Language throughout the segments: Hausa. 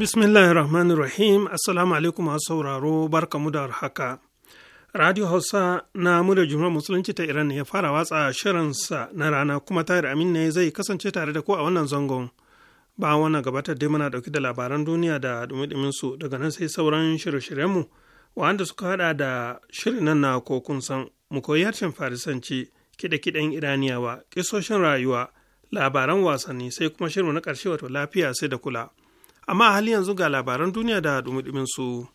Bismillahir Rahmanir Rahim, Assalamu alaikum masu sauraro, barkamu da haka. Radio Hausa na muda Jumhuriyar Musulunci ta Iran ya fara watsa shirinsa na rana kuma tare amin ne zai kasance tare da ku a wannan zangon. Ba wannan gabatar dai muna dauki da labaran duniya da dumi su daga nan sai sauran shirye-shiryenmu wanda suka hada da shirin nan na ko san mu koyi harshen Farisanci, kide-kiden Iraniyawa, kisoshin rayuwa, labaran wasanni sai kuma shirin na ƙarshe wato lafiya sai da kula. amma halin yanzu ga labaran duniya da dumi su.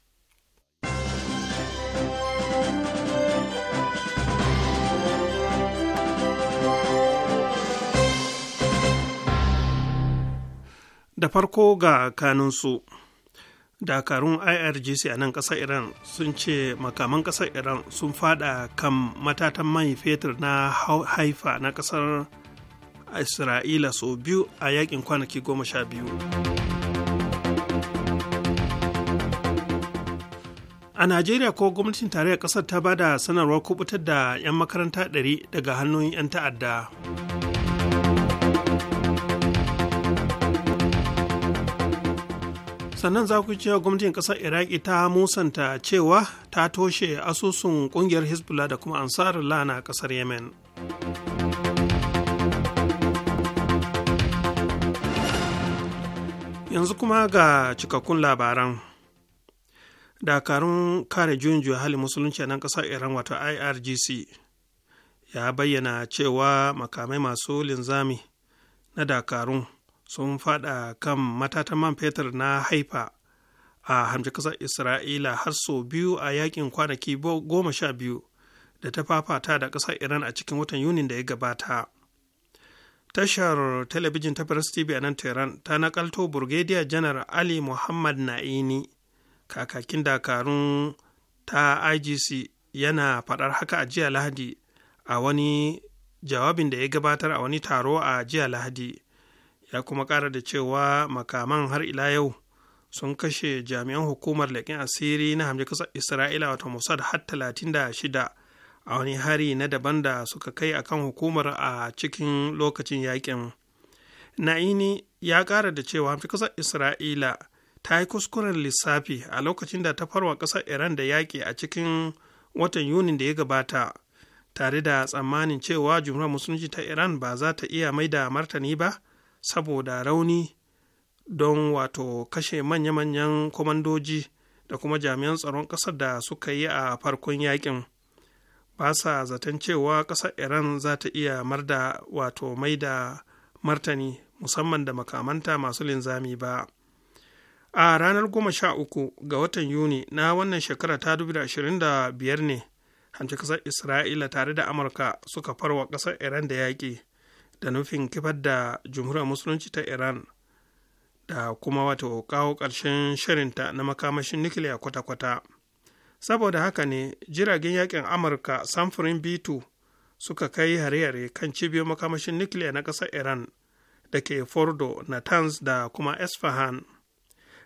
da farko ga kanunsu dakarun irgc a nan ƙasar iran sun ce makaman ƙasar iran sun fada kan matatan mai fetur na haifa na ƙasar isra'ila sau biyu a yakin kwanaki goma sha biyu a najeriya ko gwamnatin tarayyar ƙasar ta bada sanarwar kubutar da 'yan makaranta 100 daga hannun 'yan ta'adda sannan za ku cewa gwamnatin ƙasar iraki ta musanta cewa ta toshe asusun kungiyar hezbollah da kuma ansar lana kasar yemen yanzu kuma ga cikakkun labaran dakarun kare juyin juya hali musulunci a nan ƙasar iran wato irgc ya bayyana cewa makamai masu linzami na dakarun sun fada kan matatan man fetur na haifa a hamshe ƙasar isra'ila har sau biyu a yakin kwanaki goma sha biyu da ta fafata da ƙasar iran a cikin watan yunin da ya gabata tashar talabijin ta press tv a nan tehran ta nakalto burgediya janar ali muhammad na'ini kakakin dakarun ta igc yana faɗar haka a jiya lahadi a wani jawabin da ya gabatar a wani taro a jiya lahadi ya kuma ƙara da cewa makaman har ila yau sun kashe jami'an hukumar laƙin asiri na hamji ƙasar isra'ila wato mossad har talatin da shida a wani hari na daban da suka kai akan hukumar a cikin lokacin yaƙin na'ini ya ƙara da cewa hamji ƙasar isra'ila ta yi kuskuren lissafi a lokacin da ta farwa ƙasar iran da yaƙi a cikin watan yunin da ya gabata tare da tsammanin cewa jumhuriyar musulunci ta iran ba za ta iya mai da martani ba saboda rauni don wato kashe manya-manyan kwamandoji da kuma jami'an tsaron ƙasar da suka yi a farkon yakin ba sa zaton cewa ƙasar iran za ta iya marda wato mai da martani musamman da makamanta masu linzami ba a ranar goma sha uku ga watan yuni na wannan shekara ta biyar ne hanci kasar isra'ila tare da amurka suka farwa kasar iran da yaƙi da nufin kifar da jumhuriyar musulunci ta iran da kuma wato kawo ƙarshen shirinta na makamashin nukiliya kwata-kwata saboda haka ne jiragen yakin amurka samfurin b2 suka kai hare-hare kan cibiyar makamashin nukiliya na ƙasar iran da ke fordo natanz da kuma esfahan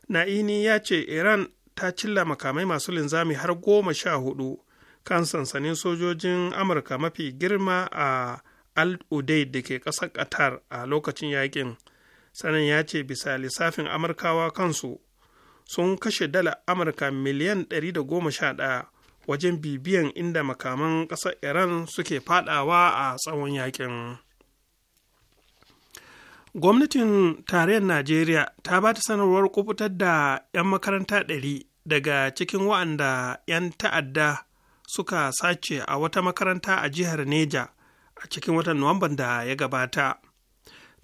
na'ini ya ce iran ta cilla makamai masu linzami har goma sha hudu kan sansanin sojojin amurka mafi girma a al da ke ƙasar qatar a lokacin yakin Sanin ya ce bisa lissafin amurkawa kansu sun kashe dala amurka miliyan 111 wajen bibiyan inda makaman ƙasar iran suke fadawa a tsawon yakin. gwamnatin tarayyar najeriya ta ba ta sanarwar kubutar da 'yan makaranta ɗari daga cikin wa'anda 'yan ta'adda suka sace a wata makaranta a jihar neja a cikin watan nuwamban da ya gabata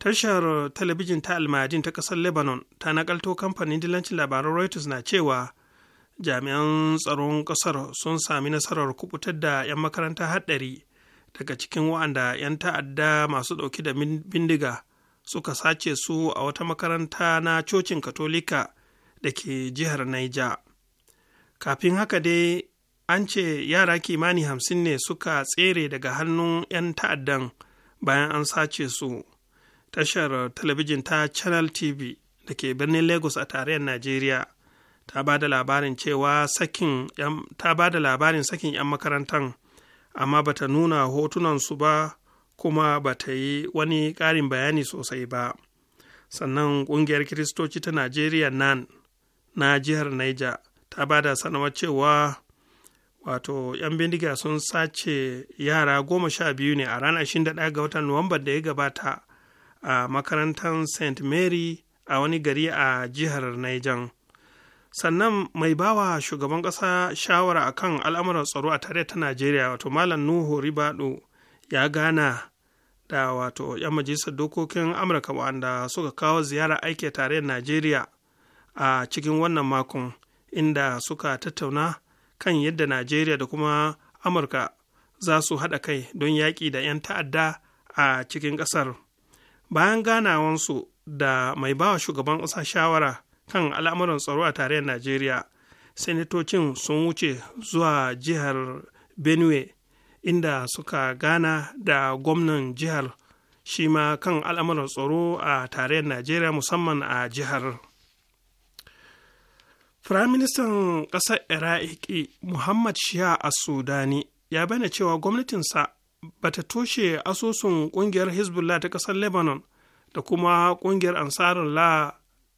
tashar talabijin ta almadin ta ƙasar lebanon ta nakalto kamfanin dilancin labaran reuters na cewa jami'an tsaron ƙasar sun sami nasarar kubutar da 'yan makaranta haɗari daga cikin wa'anda 'yan ta'adda masu ɗauki da bindiga suka sace su a wata makaranta na cocin katolika da ke jihar Naija. Kafin haka dai an ce yara kimani hamsin ne suka tsere daga hannun 'yan ta'addan bayan an sace su. Tashar talabijin ta Channel TV da ke birnin Lagos a tarayyar Najeriya ta ba da labarin cewa sakin ta ba labarin sakin 'yan makarantan amma bata nuna hotunansu ba kuma ba ta yi wani ƙarin bayani sosai ba sannan ƙungiyar kiristoci ta najeriya nan na jihar niger ta ba da sanarwar cewa wato 'yan bindiga sun sace yara goma sha biyu ne a ranar 21 ga watan nuwamban da ya gabata a makarantar st mary a wani gari a jihar niger sannan mai bawa shugaban ƙasa shawara akan al'amuran tsaro a tare ta najeriya wato malam nuhu ribadu ya gana da wato 'yan majalisar dokokin amurka wanda suka kawo ziyara aiki da najeriya a cikin wannan makon inda suka tattauna kan yadda najeriya da kuma amurka za su haɗa kai don yaƙi da 'yan ta'adda a cikin ƙasar bayan ganawansu da mai bawa shugaban ƙasa shawara kan al'amuran tsaro a tarayyar najeriya sanatocin sun wuce zuwa jihar benue inda suka gana da gwamnan jihar shi ma kan al'amuran tsaro a tarayyar najeriya musamman a jihar firaministan ƙasar iraki muhammad shia a sudani ya bayyana cewa gwamnatinsa ba ta toshe asusun ƙungiyar hezbollah ta ƙasar lebanon da kuma ƙungiyar la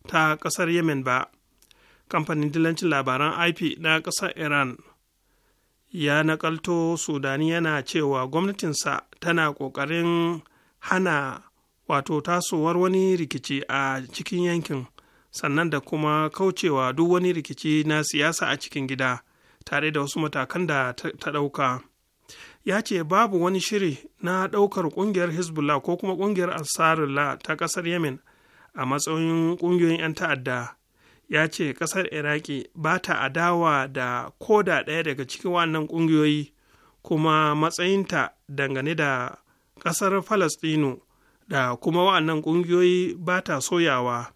ta ƙasar yemen ba kamfanin dilancin labaran ip na ƙasar iran ya nakalto sudani yana cewa gwamnatinsa tana ƙoƙarin hana wato tasowar wani rikici a cikin yankin sannan da kuma kaucewa duk wani rikici na siyasa a cikin gida tare da wasu matakan da ta ɗauka ya ce babu wani shiri na ɗaukar ƙungiyar hezbollah ko kuma ƙungiyar ansarullah ta ƙasar yemen a matsayin ƙungiyoyin 'yan ta'adda ya ce ƙasar iraki ba ta adawa da koda ɗaya daga cikin wannan ƙungiyoyi kuma matsayinta dangane da ƙasar falastinu da kuma wa'annan ƙungiyoyi ba ta soyawa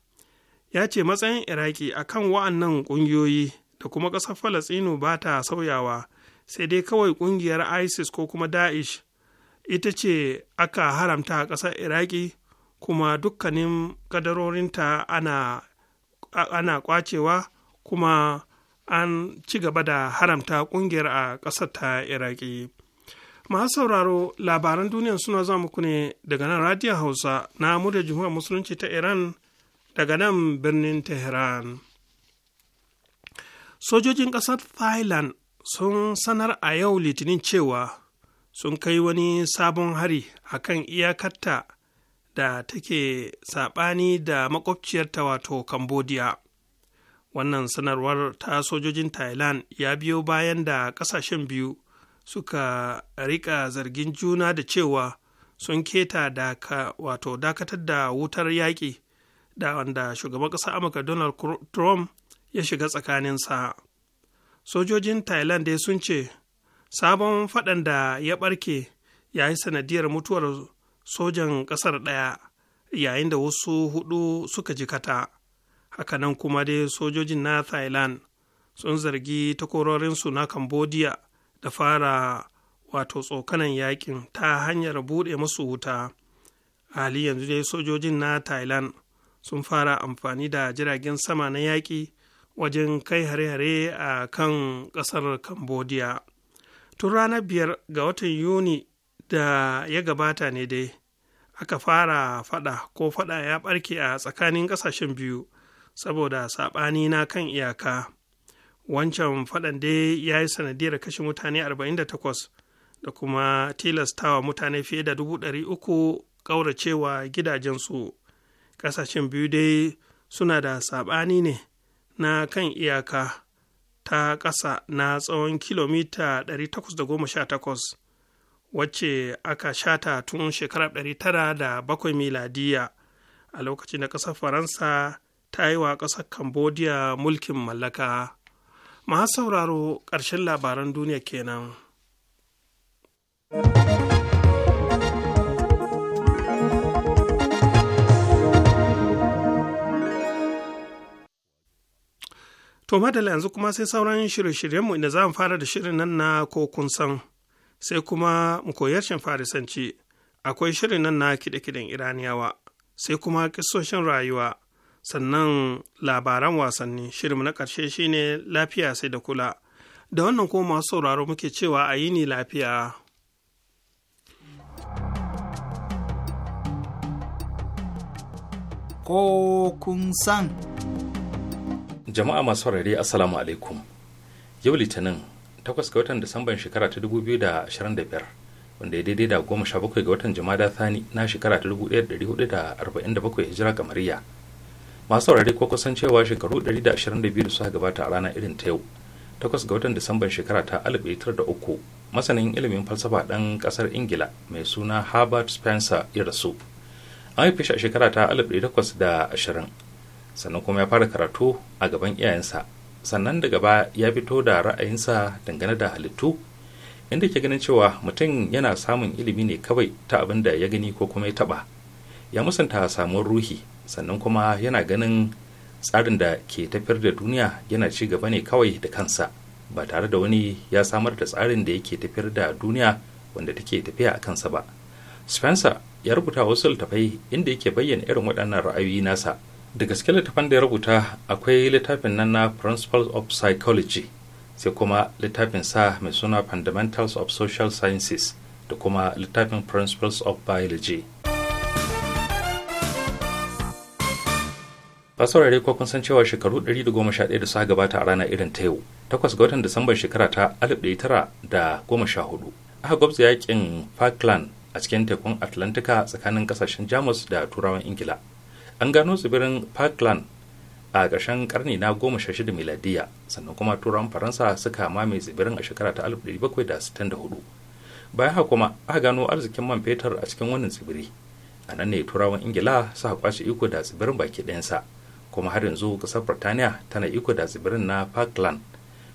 ya ce matsayin iraki a kan wa'annan ƙungiyoyi da kuma ƙasar falastinu ba ta sauyawa sai dai kawai ƙungiyar isis ko kuma da'ish ita ce aka haramta a ƙasar iraki kuma dukkanin kadarorinta ana ana kwacewa kuma an ci gaba da haramta ƙungiyar a ƙasar ta iraki masu sauraro labaran duniya suna za muku ne daga nan radiyon hausa na murya jamhuriyar musulunci ta iran daga nan birnin tehran sojojin ƙasar thailand sun sanar a yau litinin cewa sun kai wani sabon hari akan iyakarta da take saɓani da makwabciyarta wato cambodia wannan sanarwar ta sojojin thailand ya biyo bayan da ƙasashen biyu suka rika zargin juna da cewa sun keta daka wato dakatar da wutar yaƙi da wanda shugaban ƙasa amurka donald trump ya shiga tsakaninsa sojojin thailand dai sun ce sabon faɗan da ya ɓarke ya yi sanadiyar mutuwar sojan ƙasar ɗaya yayin da wasu hudu suka jikata hakanan kuma dai sojojin na thailand sun zargi takwarorinsu na cambodia da fara wato tsokanan yakin ta hanyar buɗe masu wuta a hali yanzu dai sojojin na thailand sun fara amfani da jiragen sama na yaƙi wajen kai hare-hare a kan ƙasar cambodia tun ranar biyar ga watan yuni da ya gabata ne dai aka fara fada ko fada ya barke a tsakanin ƙasashen biyu saboda saɓani na kan iyaka wancan fadan dai ya yi sanadiyar kashe mutane 48 da kuma tilastawa mutane fiye da 300 ƙauracewa gidajensu ƙasashen biyu dai suna da saɓani ne na kan iyaka ta ƙasa na tsawon kilomita 818 wacce aka shata tun shekarar 907 miladiya a lokacin da ƙasar faransa ta yi wa ƙasar cambodia mulkin mallaka masu sauraro ƙarshen labaran duniya kenan. To madalla yanzu kuma sai sauran shirye-shiryenmu inda za mu fara da shirin nan na ko kun san. sai kuma mu koyarshin farisanci akwai shirin nan na kiɗe-kiɗen iraniyawa sai kuma kisoshin rayuwa sannan labaran wasanni shirin na ƙarshe shine lafiya sai da kula da wannan kuma masu sauraro muke cewa a yi ni lafiya ko kun san jama'a masu rari assalamu alaikum yau litinin takwas ga watan disamban shekara ta 2025 wanda ya daidai da bakwai ga watan Jumada thani na shekara ta 1447 hijira kamariya masu saurare ko kusan cewa shekaru 122 da suka gabata a rana irin ta yau takwas ga watan disamban shekara ta 1903 masanin ilimin falsafa ɗan ƙasar ingila mai suna herbert spencer ya rasu an haife shi a shekara ta 1820 sannan kuma ya fara karatu a gaban iyayensa sannan da gaba ya fito da ra'ayinsa dangane da halittu inda ke ganin cewa mutum yana samun ilimi ne kawai ta abin da ya gani ko kuma ya taɓa. ya musanta samuwar ruhi sannan kuma yana ganin tsarin da ke tafiyar da duniya yana ci gaba ne kawai da kansa ba tare da wani ya samar da tsarin da yake tafiyar da duniya wanda take tafiya a kansa ba spencer ya rubuta wasu littafai inda yake bayyana irin waɗannan ra'ayoyi nasa da gaske littafin da ya rubuta akwai littafin nan na principles of psychology sai kuma littafin sa mai suna fundamentals of social sciences da kuma littafin principles of biology fasaurare ko kun san cewa shekaru 111 da suka gabata a ranar irin ta yau 8 ga watan disamban shekara ta 1914 aka gwabza yakin falkland a cikin tekun atlantika tsakanin kasashen jamus da turawan ingila an gano tsibirin parkland a ƙarshen karni na goma 16 miladiya sannan kuma turawan faransa suka mame tsibirin a shekara ta 1764 bayan haka kuma aka gano arzikin man fetur a cikin wannan tsibiri a nan ne turawan ingila suka kwace iko da tsibirin baki ɗayansa kuma har yanzu ƙasar birtaniya tana iko da tsibirin na parkland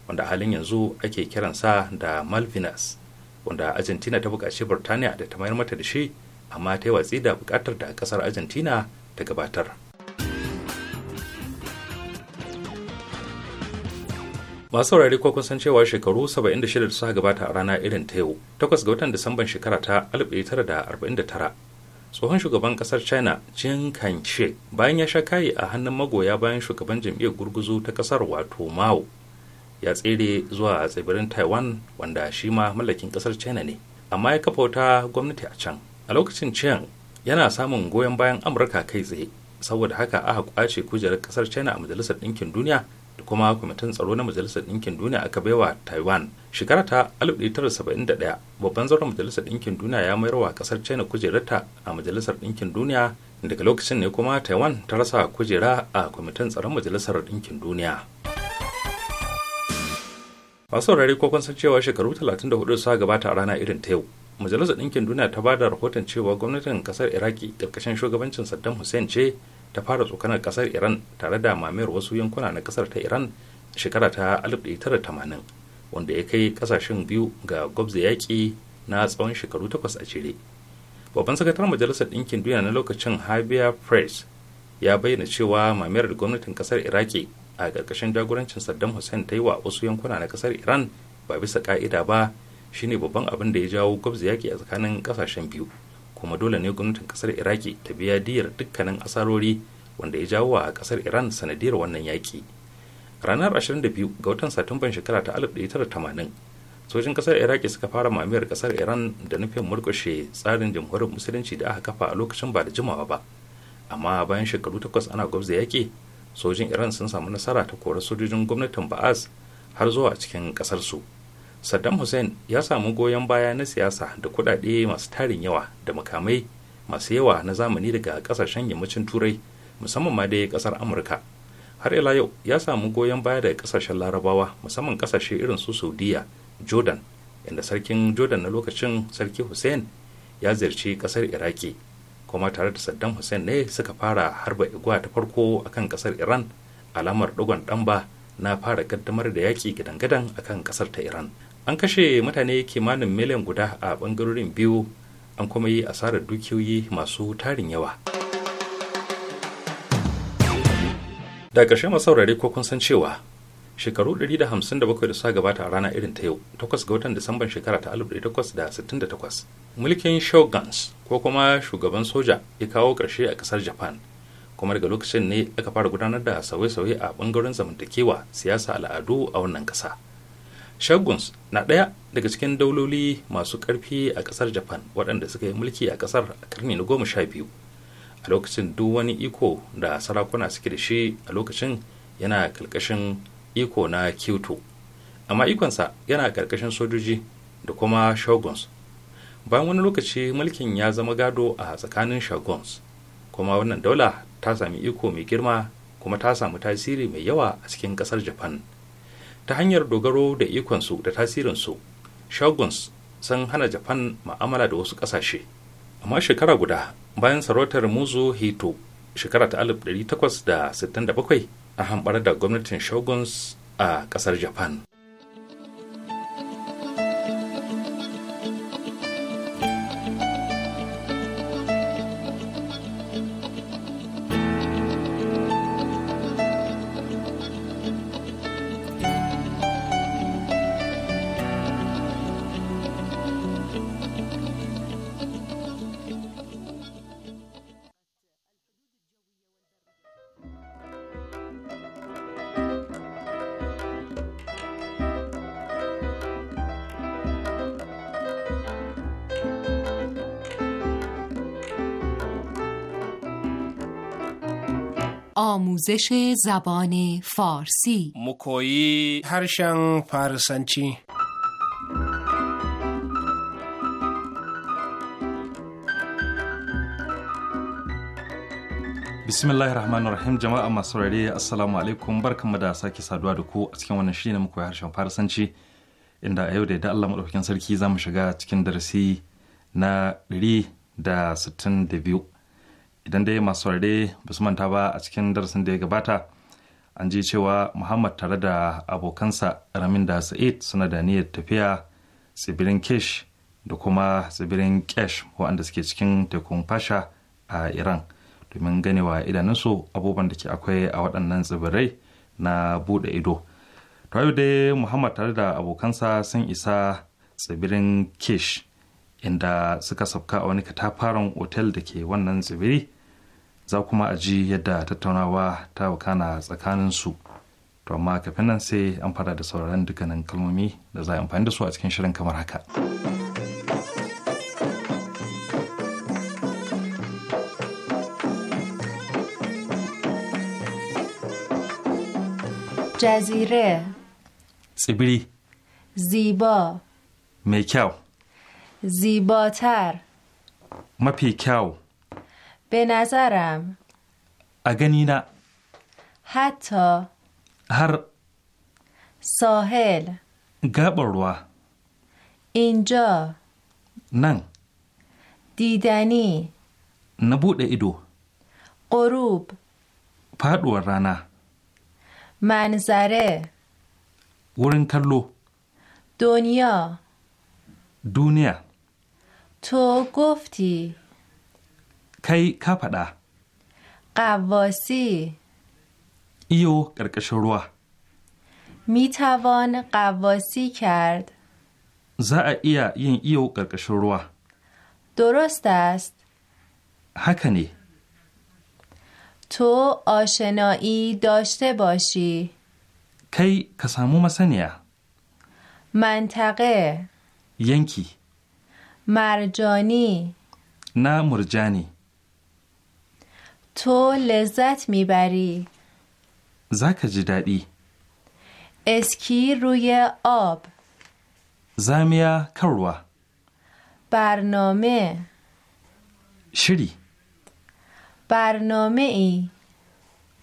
wanda halin yanzu ake kiransa da malvinas wanda argentina ta buƙaci birtaniya da ta mayar mata da shi amma ta yi watsi da buƙatar da ƙasar argentina ta gabatar masu saurari ko san cewa shekaru 76 da suka gabata a rana irin ta yau 8 ga watan disamban shekara ta 1949 tsohon shugaban kasar china jin kanche bayan ya sha kayi a hannun magoya bayan shugaban jam'iyyar gurguzu ta kasar wato mao ya tsere zuwa tsibirin taiwan wanda shi ma mallakin kasar china ne amma ya kafa wata gwamnati a can a lokacin chiang yana samun goyon bayan amurka kai tsaye saboda haka aka kwace kujerar kasar china a majalisar ɗinkin duniya da kuma kwamitin tsaro na majalisar ɗinkin duniya aka baiwa taiwan shekara ta 1971 babban zauren majalisar ɗinkin duniya ya mayar wa kasar china kujerarta a majalisar ɗinkin duniya daga lokacin ne kuma taiwan ta rasa kujera a kwamitin tsaron majalisar ɗinkin duniya masu saurari ko kun san cewa shekaru 34 suka gabata a rana irin ta yau majalisar ɗinkin duniya ta bada rahoton cewa gwamnatin ƙasar iraki ƙarƙashin shugabancin saddam hussein ce ta fara tsokanar ƙasar iran tare da mamayar wasu yankuna na kasar ta iran shekara ta 1980 wanda ya kai ƙasashen biyu ga gwabza yaƙi na tsawon shekaru takwas a jere babban sakataren majalisar ɗinkin duniya na lokacin habia press ya bayyana cewa mamayar da gwamnatin ƙasar iraki a ƙarƙashin jagorancin saddam hussein ta yi wa wasu yankuna na ƙasar iran ba bisa ƙa'ida ba shine babban abin da ya jawo gwabza yaki a tsakanin kasashen biyu kuma dole ne gwamnatin kasar iraki ta biya diyar dukkanin asarori wanda ya jawo a kasar iran sanadiyar wannan yaki ranar 22 ga watan satumban shekara ta 1980 sojin kasar iraki suka fara mamayar kasar iran da nufin murkushe tsarin jamhuriyar musulunci da aka kafa a lokacin ba da jimawa ba amma bayan shekaru takwas ana gwabza yaƙi sojin iran sun samu nasara ta kora sojojin gwamnatin ba'az har zuwa cikin ƙasarsu saddam hussein ya samu goyon baya na siyasa da kudade masu tarin yawa da makamai masu yawa na zamani daga kasashen yammacin turai musamman ma dai kasar amurka har ila yau ya samu goyon baya daga kasashen larabawa musamman kasashe irin su saudiya jordan inda sarkin jordan na lokacin sarki hussein ya ziyarci kasar iraki kuma tare da saddam hussein ne suka fara harba igwa ta farko akan kasar iran alamar dogon damba na fara kaddamar da yaƙi gidan gadan akan kasar ta iran an kashe mutane kimanin miliyan guda a bangarorin biyu an kuma yi asarar dukiyoyi masu tarin yawa da ƙarshe masu saurare ko kun san cewa shekaru 157 da suka gabata a rana irin ta yau 8 ga watan disamban shekara ta 1868 mulkin shoguns ko kuma shugaban soja ya kawo ƙarshe a ƙasar japan kuma daga lokacin ne aka fara gudanar da sauye-sauye a bangaren zamantakewa siyasa al'adu a wannan ƙasa. shaguns na ɗaya daga cikin dauloli masu ƙarfi a ƙasar japan waɗanda suka yi mulki a ƙasar a karni na goma sha biyu a lokacin duk wani iko da sarakuna suke da shi a lokacin yana ƙarƙashin iko na kyoto amma ikonsa yana ƙarƙashin sojoji da kuma shaguns bayan wani lokaci mulkin ya zama gado a tsakanin shoguns kuma wannan daula ta sami iko mai girma kuma ta samu tasiri mai yawa a cikin ƙasar japan ta hanyar dogaro da ikonsu da tasirinsu shoguns sun hana japan ma'amala da wasu ƙasashe amma shekara guda bayan sarautar muzo hito shekara ta 1867 a hamɓar da gwamnatin shoguns a ƙasar japan آموزش زبان فارسی مکویی هرشن فارسنچی bismillahi rahmanir rahim jama'a masu saurare assalamu alaikum barkanmu da sake saduwa da ku a cikin wannan shiri na muku harshen farasanci inda a yau da yadda Allah madaukakin sarki za mu shiga cikin darasi na 162 idan dai masu saurare ba su manta ba a cikin darasin da ya gabata an ji cewa muhammad tare da abokansa ramin da sa'id suna da niyyar tafiya tsibirin kesh da kuma tsibirin kesh waɗanda suke cikin tekun fasha a iran domin ganewa idanunsu abubuwan da ke akwai a waɗannan tsibirai na buɗe ido yau dai muhammad tare da abokansa sun isa tsibirin kesh inda suka sauka a wani katafaren otel da ke wannan tsibiri za kuma a ji yadda tattaunawa ta wakana tsakanin su to amma kafin nan sai an fara da sauraron dukkanin kalmomi da za a amfani da su a cikin shirin kamar haka Tsibiri. ziba mai kyau. Zibotar. Mafi kyau. به نظرم اگنینا حتی هر ساحل گبروا اینجا نن دیدنی نبود ایدو غروب فادور رانا منظره ورن کلو دنیا دنیا تو گفتی کی کا قواسی ایو قرقشن می توان قواسی کرد زا ایا ین ایو قرقشن درست است هکنی تو آشنایی داشته باشی کی کسامو مسنیا منطقه ینکی مرجانی نه مرجانی تو لذت میبری زکا جی دادی اسکی روی آب زامیا کروا برنامه شری برنامه ای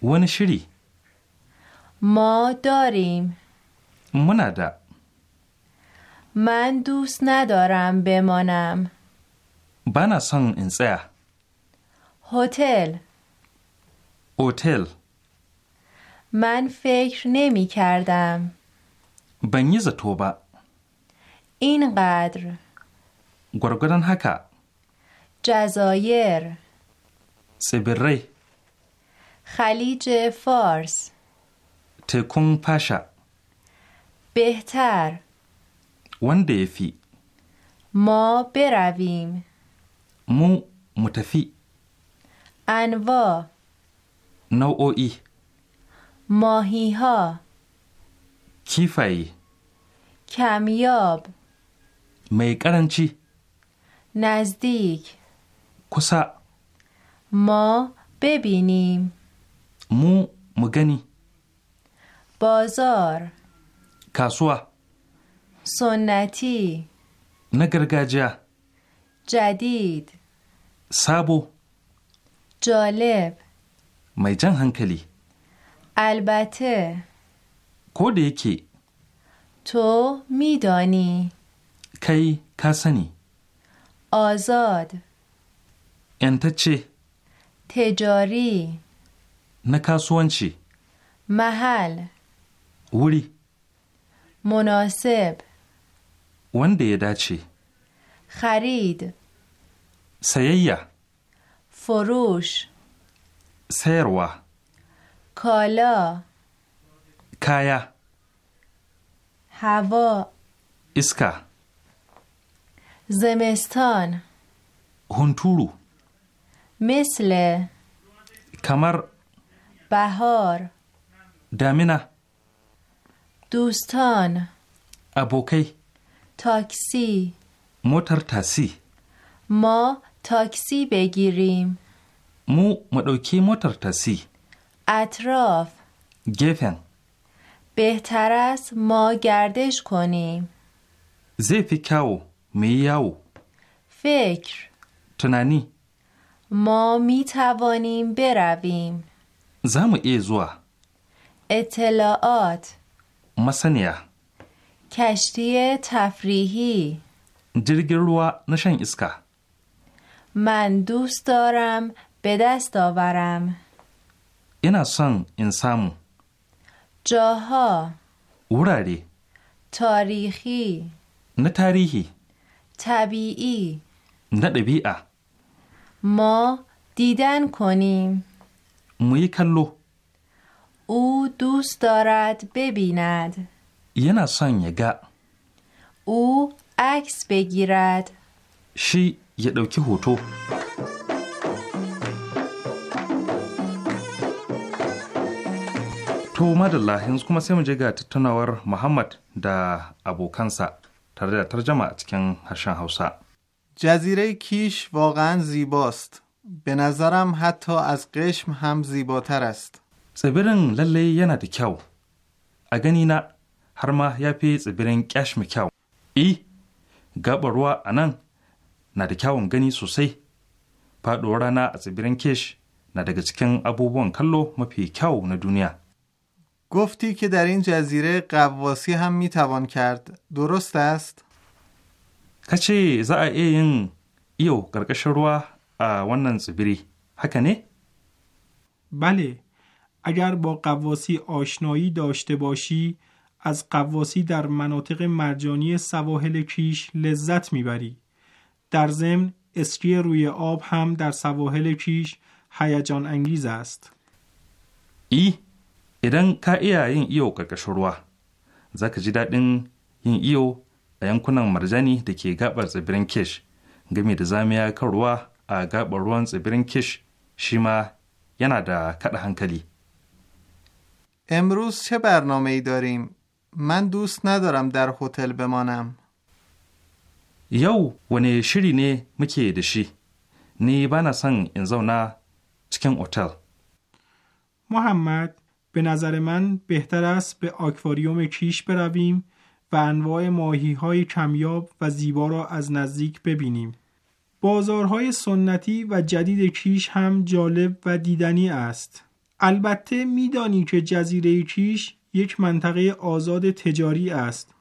ون شری ما داریم مندا من دوست ندارم بمانم بنا سان انسه هتل اوتل من فکر نمی کردم بنیز توبه اینقدر گرگرن حکا جزایر سبره خلیج فارس تکون پاشا بهتر ونده ما برویم مو متفی انواع نوعی ماهی ها کیفی کمیاب می کرنچی نزدیک کسا ما ببینیم مو مگنی بازار کاسوا سنتی نگرگاجا جدید سابو جالب می جنگ هنگ کلی البته کده تو می دانی که کسنی آزاد انت چه تجاری نکاسون چه محل وری مناسب ونده ده چه خرید سیه یه فروش سیروا کالا کایا هوا اسکا زمستان هنتورو مثل کمر بهار دامینا دوستان ابوکی تاکسی موتر تاسی ما تاکسی بگیریم مو مدوکی موتر تسی اطراف گفن بهتر است ما گردش کنیم زی فکاو میاو فکر تنانی ما می توانیم برویم زم ایزوا اطلاعات مسنیا کشتی تفریحی جرگروا نشن اسکا من دوست دارم به دست آورم اینا سن این جاها اوراری تاریخی نه تاریخی طبیعی نه طبیعه ما دیدن کنیم موی کلو او دوست دارد ببیند یه سن یگا او عکس بگیرد شی یه دوکی هوتو To madalla yanzu kuma sai mu je ga tattaunawar Muhammad da abokansa tare da tarjama a cikin harshen Hausa. Jazirai Kish واقعا zibost, Benazaram نظرم حتی از قشم هم زیباتر tsibirin lalle yana da kyau a gani na har ma ya fi tsibirin kyashmi kyau i gaɓa ruwa a nan na da kyawun gani sosai faɗuwar rana a tsibirin kish na daga cikin abubuwan kallo mafi kyau na duniya گفتی که در این جزیره قواسی هم میتوان کرد درست است؟ کچه زا این ایو قرقش روا ونن زبری حکنه؟ بله اگر با قواسی آشنایی داشته باشی از قواسی در مناطق مرجانی سواحل کیش لذت میبری در ضمن اسکی روی آب هم در سواحل کیش هیجان انگیز است ای idan ka iya yin iyo ƙarƙashin ruwa za ka ji daɗin yin iyo a yankunan marjani da ke gaɓar tsibirin kish game da zamiya kan ruwa a gaɓar ruwan tsibirin kish shi ma yana da kaɗa hankali امروز چه برنامه ای داریم؟ من دوست ندارم در هتل بمانم. یو ونه شری نه مکی دشی. نی بانا سن این زونا چکن هتل. محمد به نظر من بهتر است به آکواریوم کیش برویم و انواع ماهی های کمیاب و زیبا را از نزدیک ببینیم. بازارهای سنتی و جدید کیش هم جالب و دیدنی است. البته میدانی که جزیره کیش یک منطقه آزاد تجاری است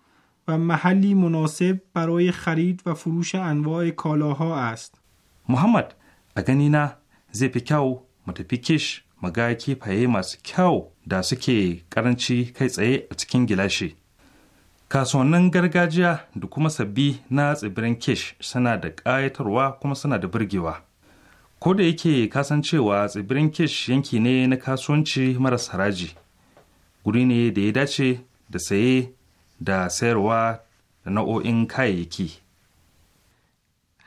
و محلی مناسب برای خرید و فروش انواع کالاها است. محمد اگنینا نینا متپیکش maga kifaye masu kyau da suke karanci kai tsaye a cikin gilashi. Kasuwannin gargajiya da kuma sabbi na tsibirin Kish suna da ƙayatarwa kuma suna da burgewa. Ko da yake kasancewa tsibirin Kish yanki ne na kasuwanci maras haraji, guri ne da ya dace da saye da sayarwa da na'o'in kayayyaki.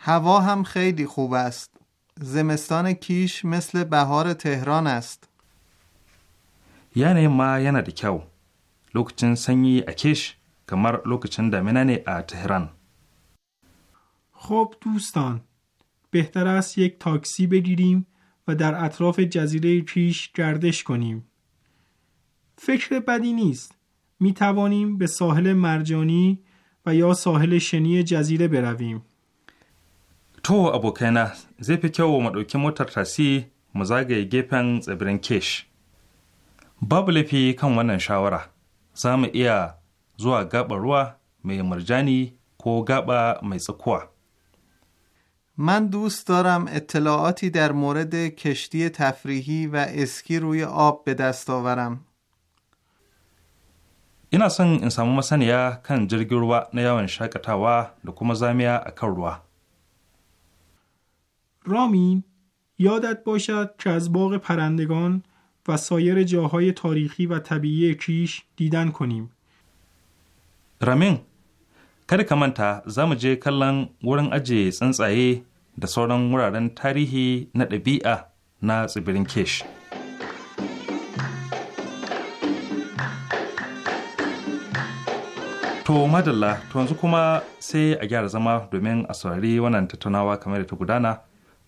Hawa ham خیلی da است. زمستان کیش مثل بهار تهران است. یعنی ما یعنی دی لوکچن سنگی اکیش کمر لکچن دمینانی ا تهران. خب دوستان بهتر است یک تاکسی بگیریم و در اطراف جزیره کیش گردش کنیم. فکر بدی نیست. می توانیم به ساحل مرجانی و یا ساحل شنی جزیره برویم. To abokaina zai fi kyau mu ɗauki motar tasi mu zagaye gefen tsibirin Kesh. Babu laifi kan wannan shawara, za mu iya zuwa gaɓa ruwa mai murjani ko gaɓa mai tsakuwa. من دوست دارم اطلاعاتی در مورد کشتی تفریحی و اسکی روی آب به دست آورم. ina son in samu masaniya kan jirgin ruwa na yawon shakatawa da kuma zamiya a kan ruwa. رامین یادت باشد که از باغ پرندگان و سایر جاهای تاریخی و طبیعی کیش دیدن کنیم. رامین kada ka manta za mu je kallon wurin ajiye tsuntsaye da sauran wuraren tarihi na ɗabi'a na tsibirin kesh. To madalla, to yanzu kuma sai a gyara zama domin a saurari wannan tattaunawa kamar da ta gudana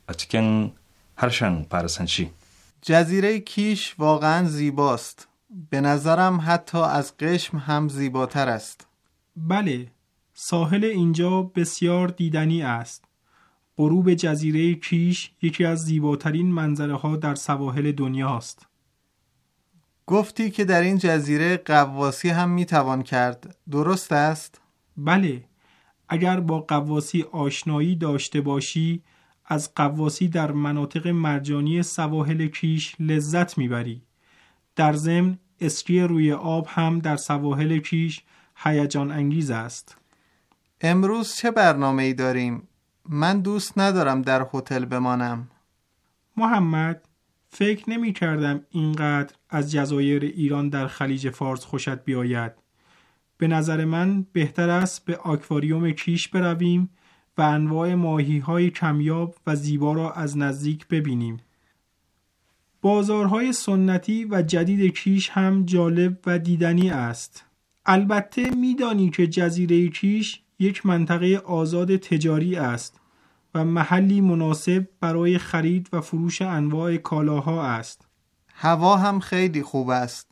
اچکن هرشن جزیره کیش واقعا زیباست به نظرم حتی از قشم هم زیباتر است بله ساحل اینجا بسیار دیدنی است غروب جزیره کیش یکی از زیباترین منظره ها در سواحل دنیاست گفتی که در این جزیره قواسی هم میتوان کرد درست است؟ بله اگر با قواسی آشنایی داشته باشی از قواسی در مناطق مرجانی سواحل کیش لذت میبری در ضمن اسکی روی آب هم در سواحل کیش هیجان انگیز است امروز چه برنامه ای داریم؟ من دوست ندارم در هتل بمانم محمد فکر نمی کردم اینقدر از جزایر ایران در خلیج فارس خوشت بیاید به نظر من بهتر است به آکواریوم کیش برویم و انواع ماهی های کمیاب و زیبا را از نزدیک ببینیم. بازارهای سنتی و جدید کیش هم جالب و دیدنی است. البته میدانی که جزیره کیش یک منطقه آزاد تجاری است و محلی مناسب برای خرید و فروش انواع کالاها است. هوا هم خیلی خوب است.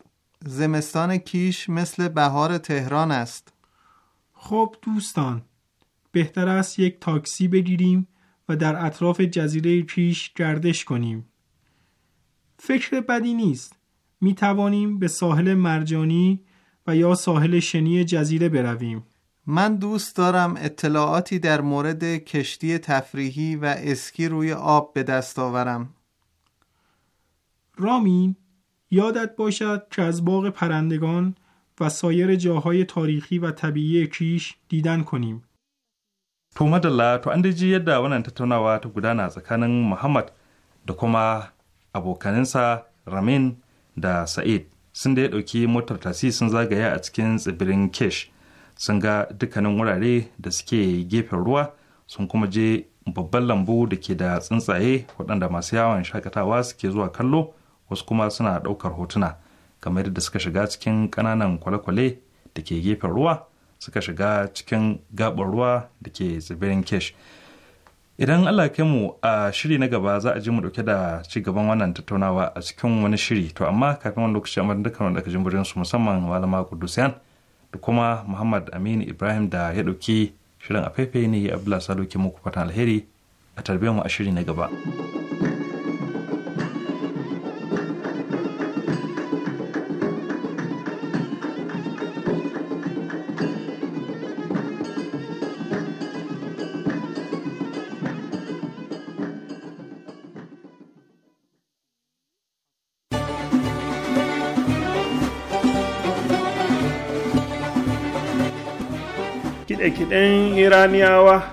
زمستان کیش مثل بهار تهران است. خب دوستان بهتر است یک تاکسی بگیریم و در اطراف جزیره پیش گردش کنیم. فکر بدی نیست. می توانیم به ساحل مرجانی و یا ساحل شنی جزیره برویم. من دوست دارم اطلاعاتی در مورد کشتی تفریحی و اسکی روی آب به دست آورم. رامین یادت باشد که از باغ پرندگان و سایر جاهای تاریخی و طبیعی کیش دیدن کنیم. To madalla to an ji yadda wannan tattaunawa ta gudana tsakanin Muhammad da kuma abokaninsa Ramin da Sa'id sun da ya ɗauki motar tasi sun zagaya a cikin tsibirin Kesh sun ga dukkanin wurare da suke gefen ruwa sun kuma je babban lambu da ke da tsuntsaye waɗanda masu yawon shakatawa suke zuwa kallo wasu kuma suna ɗaukar hotuna kamar yadda suka shiga cikin ƙananan kwale-kwale da ke gefen ruwa suka shiga cikin gabar ruwa da ke tsibirin kesh idan allah kai mu a shiri na gaba za a ji mu dauke da ci gaban wannan tattaunawa a cikin wani shiri to amma kafin wani lokaci amma dukkan wanda ka ji su musamman malama kudusiyan da kuma muhammad aminu ibrahim da ya dauki shirin a faifai ne abdullahi salo ke muku fatan alheri a tarbiyyar mu a shiri na gaba. 'yan iraniyawa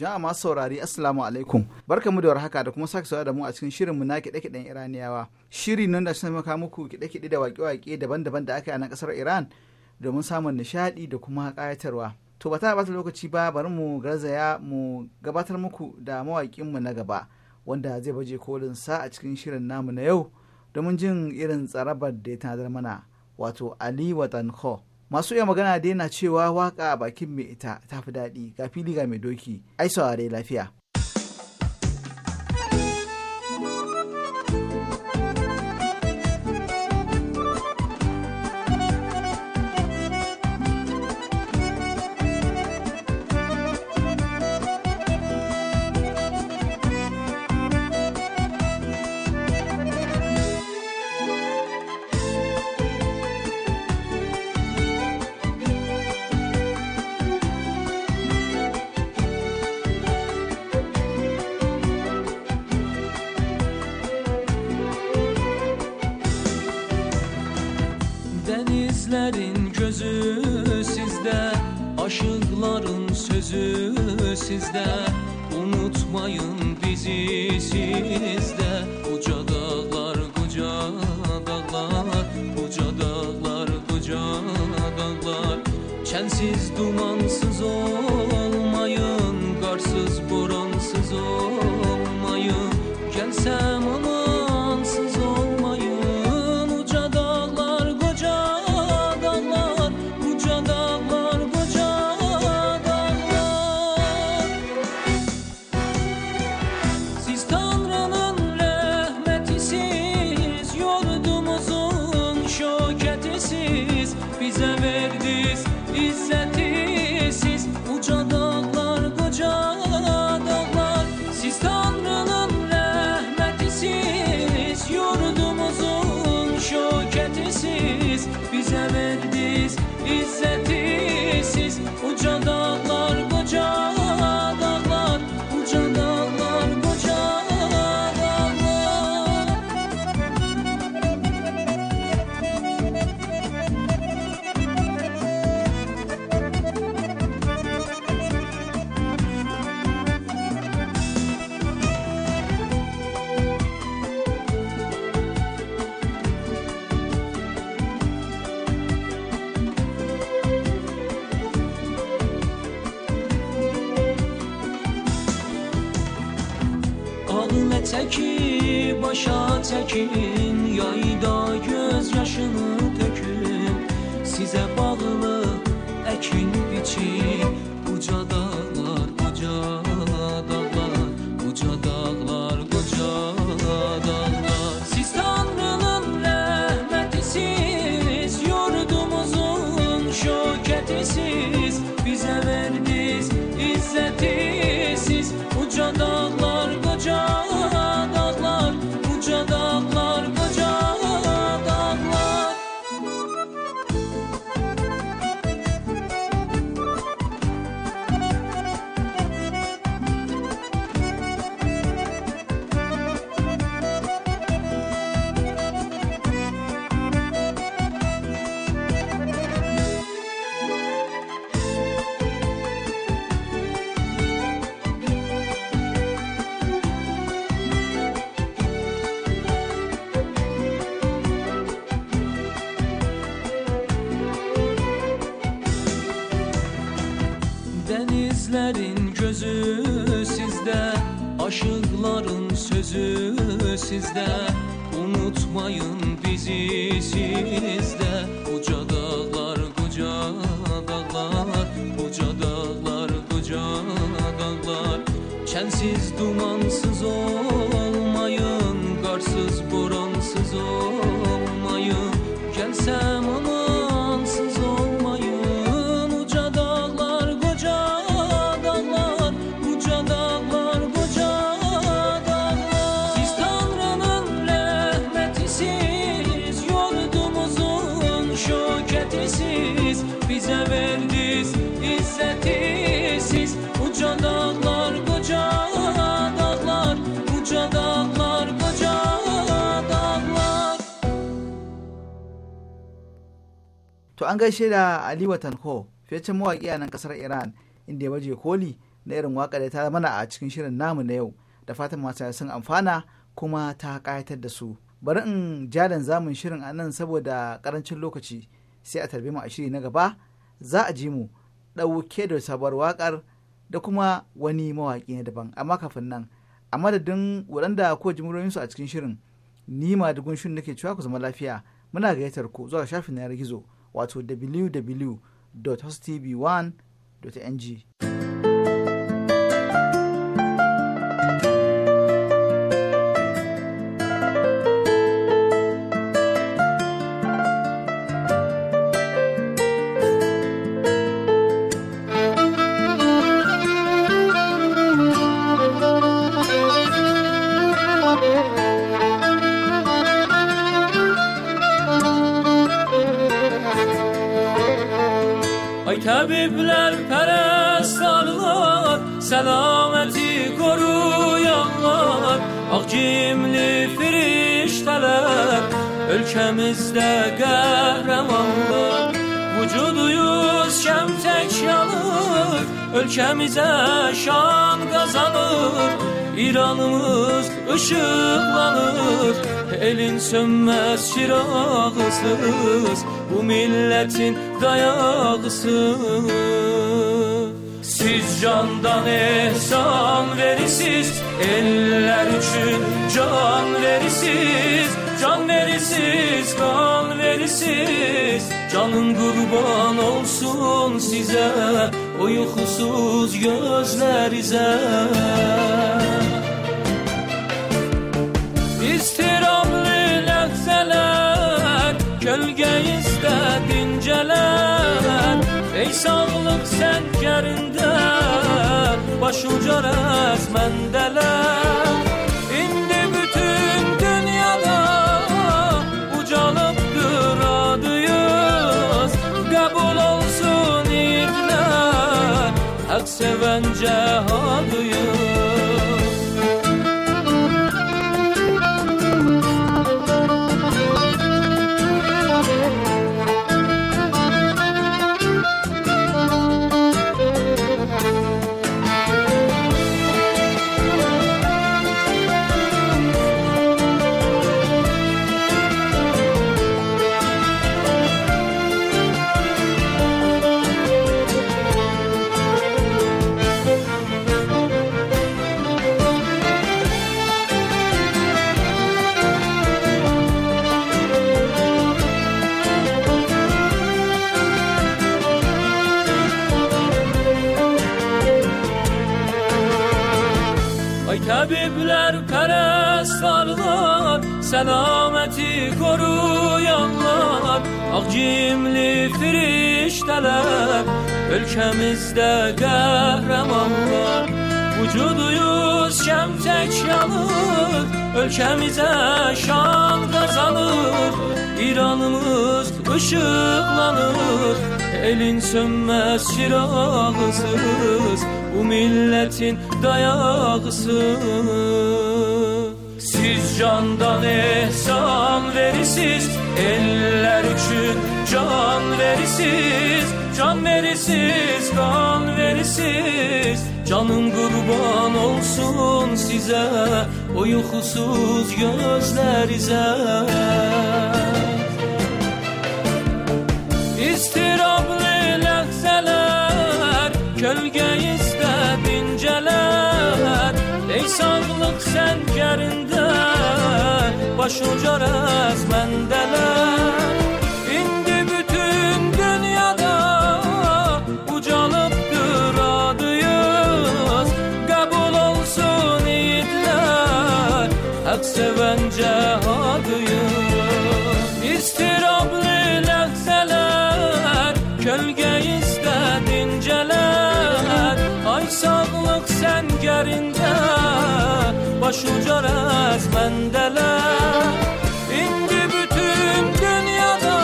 jama'a masu saurari assalamu alaikum mu da warhaka da kuma sake saurara da mu a cikin mu na kiɗe-kiɗen iraniyawa shiri nan da shi maka muku kiɗe-kiɗe da waƙe-waƙe daban-daban da aka yi a nan ƙasar iran domin samun nishaɗi da kuma ƙayatarwa to ba ta bata lokaci ba bari mu garzaya mu gabatar muku da mawaƙinmu na gaba wanda zai baje kolin sa a cikin shirin namu na yau domin jin irin tsarabar da ya tanadar mana wato ali watanko masu iya magana da yana cewa waka a bakin mai ita ta fi daɗi ga fili ga mai doki ai saurare lafiya Səki başa çəkin, yayda göz yaşını tökün, sizə bax gaishe da Ali Watanko, fiyacin mawaƙi a nan ƙasar Iran, inda ya baje koli na irin waƙa da ta mana a cikin shirin namu na yau, da fatan masu sun amfana kuma ta ƙayatar da su. Bari in jadan zamun shirin a nan saboda ƙarancin lokaci, sai a tarbe mu a shiri na gaba, za a ji mu ɗauke da sabuwar waƙar da kuma wani mawaƙi na daban. Amma kafin nan, a madadin waɗanda ko su a cikin shirin, ni ma dugun shirin nake cewa ku zama lafiya. Muna gayyatar ku zuwa shafin yar gizo wato www.hostv1.ng. gözde kahramanlar Vücuduyuz şemtek yanır Ülkemize şan kazanır İranımız ışıklanır Elin sönmez çırağısız Bu milletin dayağısı Siz candan ehsan verisiz Eller için can verisiz Can verisiz can verisiz canın kurban olsun size O uykusuz gözlerize İstirablı lehzeler Gölge istedi Ey sağlık sen kerində Baş uca seven cehalıyım selameti koruyanlar Akcimli firişteler Ülkemizde kahramanlar Vücuduyuz şemtek yanır Ülkemize şan kazanır İranımız ışıklanır Elin sönmez çırağısız Bu milletin dayağısız siz candan ehsan verisiz Eller için can verisiz Can verisiz, kan verisiz Canım kurban olsun size O yuhusuz gözlerize İstirahate Sağlık sen səngərində Başuca rəzməndələr İndi bütün dünyada Ucalıbdır adıyız Kabul olsun idlər Hak sevən cəhadıyız İstirablı ləxzələr Kölgə istədincelər Ay sağlık sen səngərində şu resmen dele İndi bütün dünyada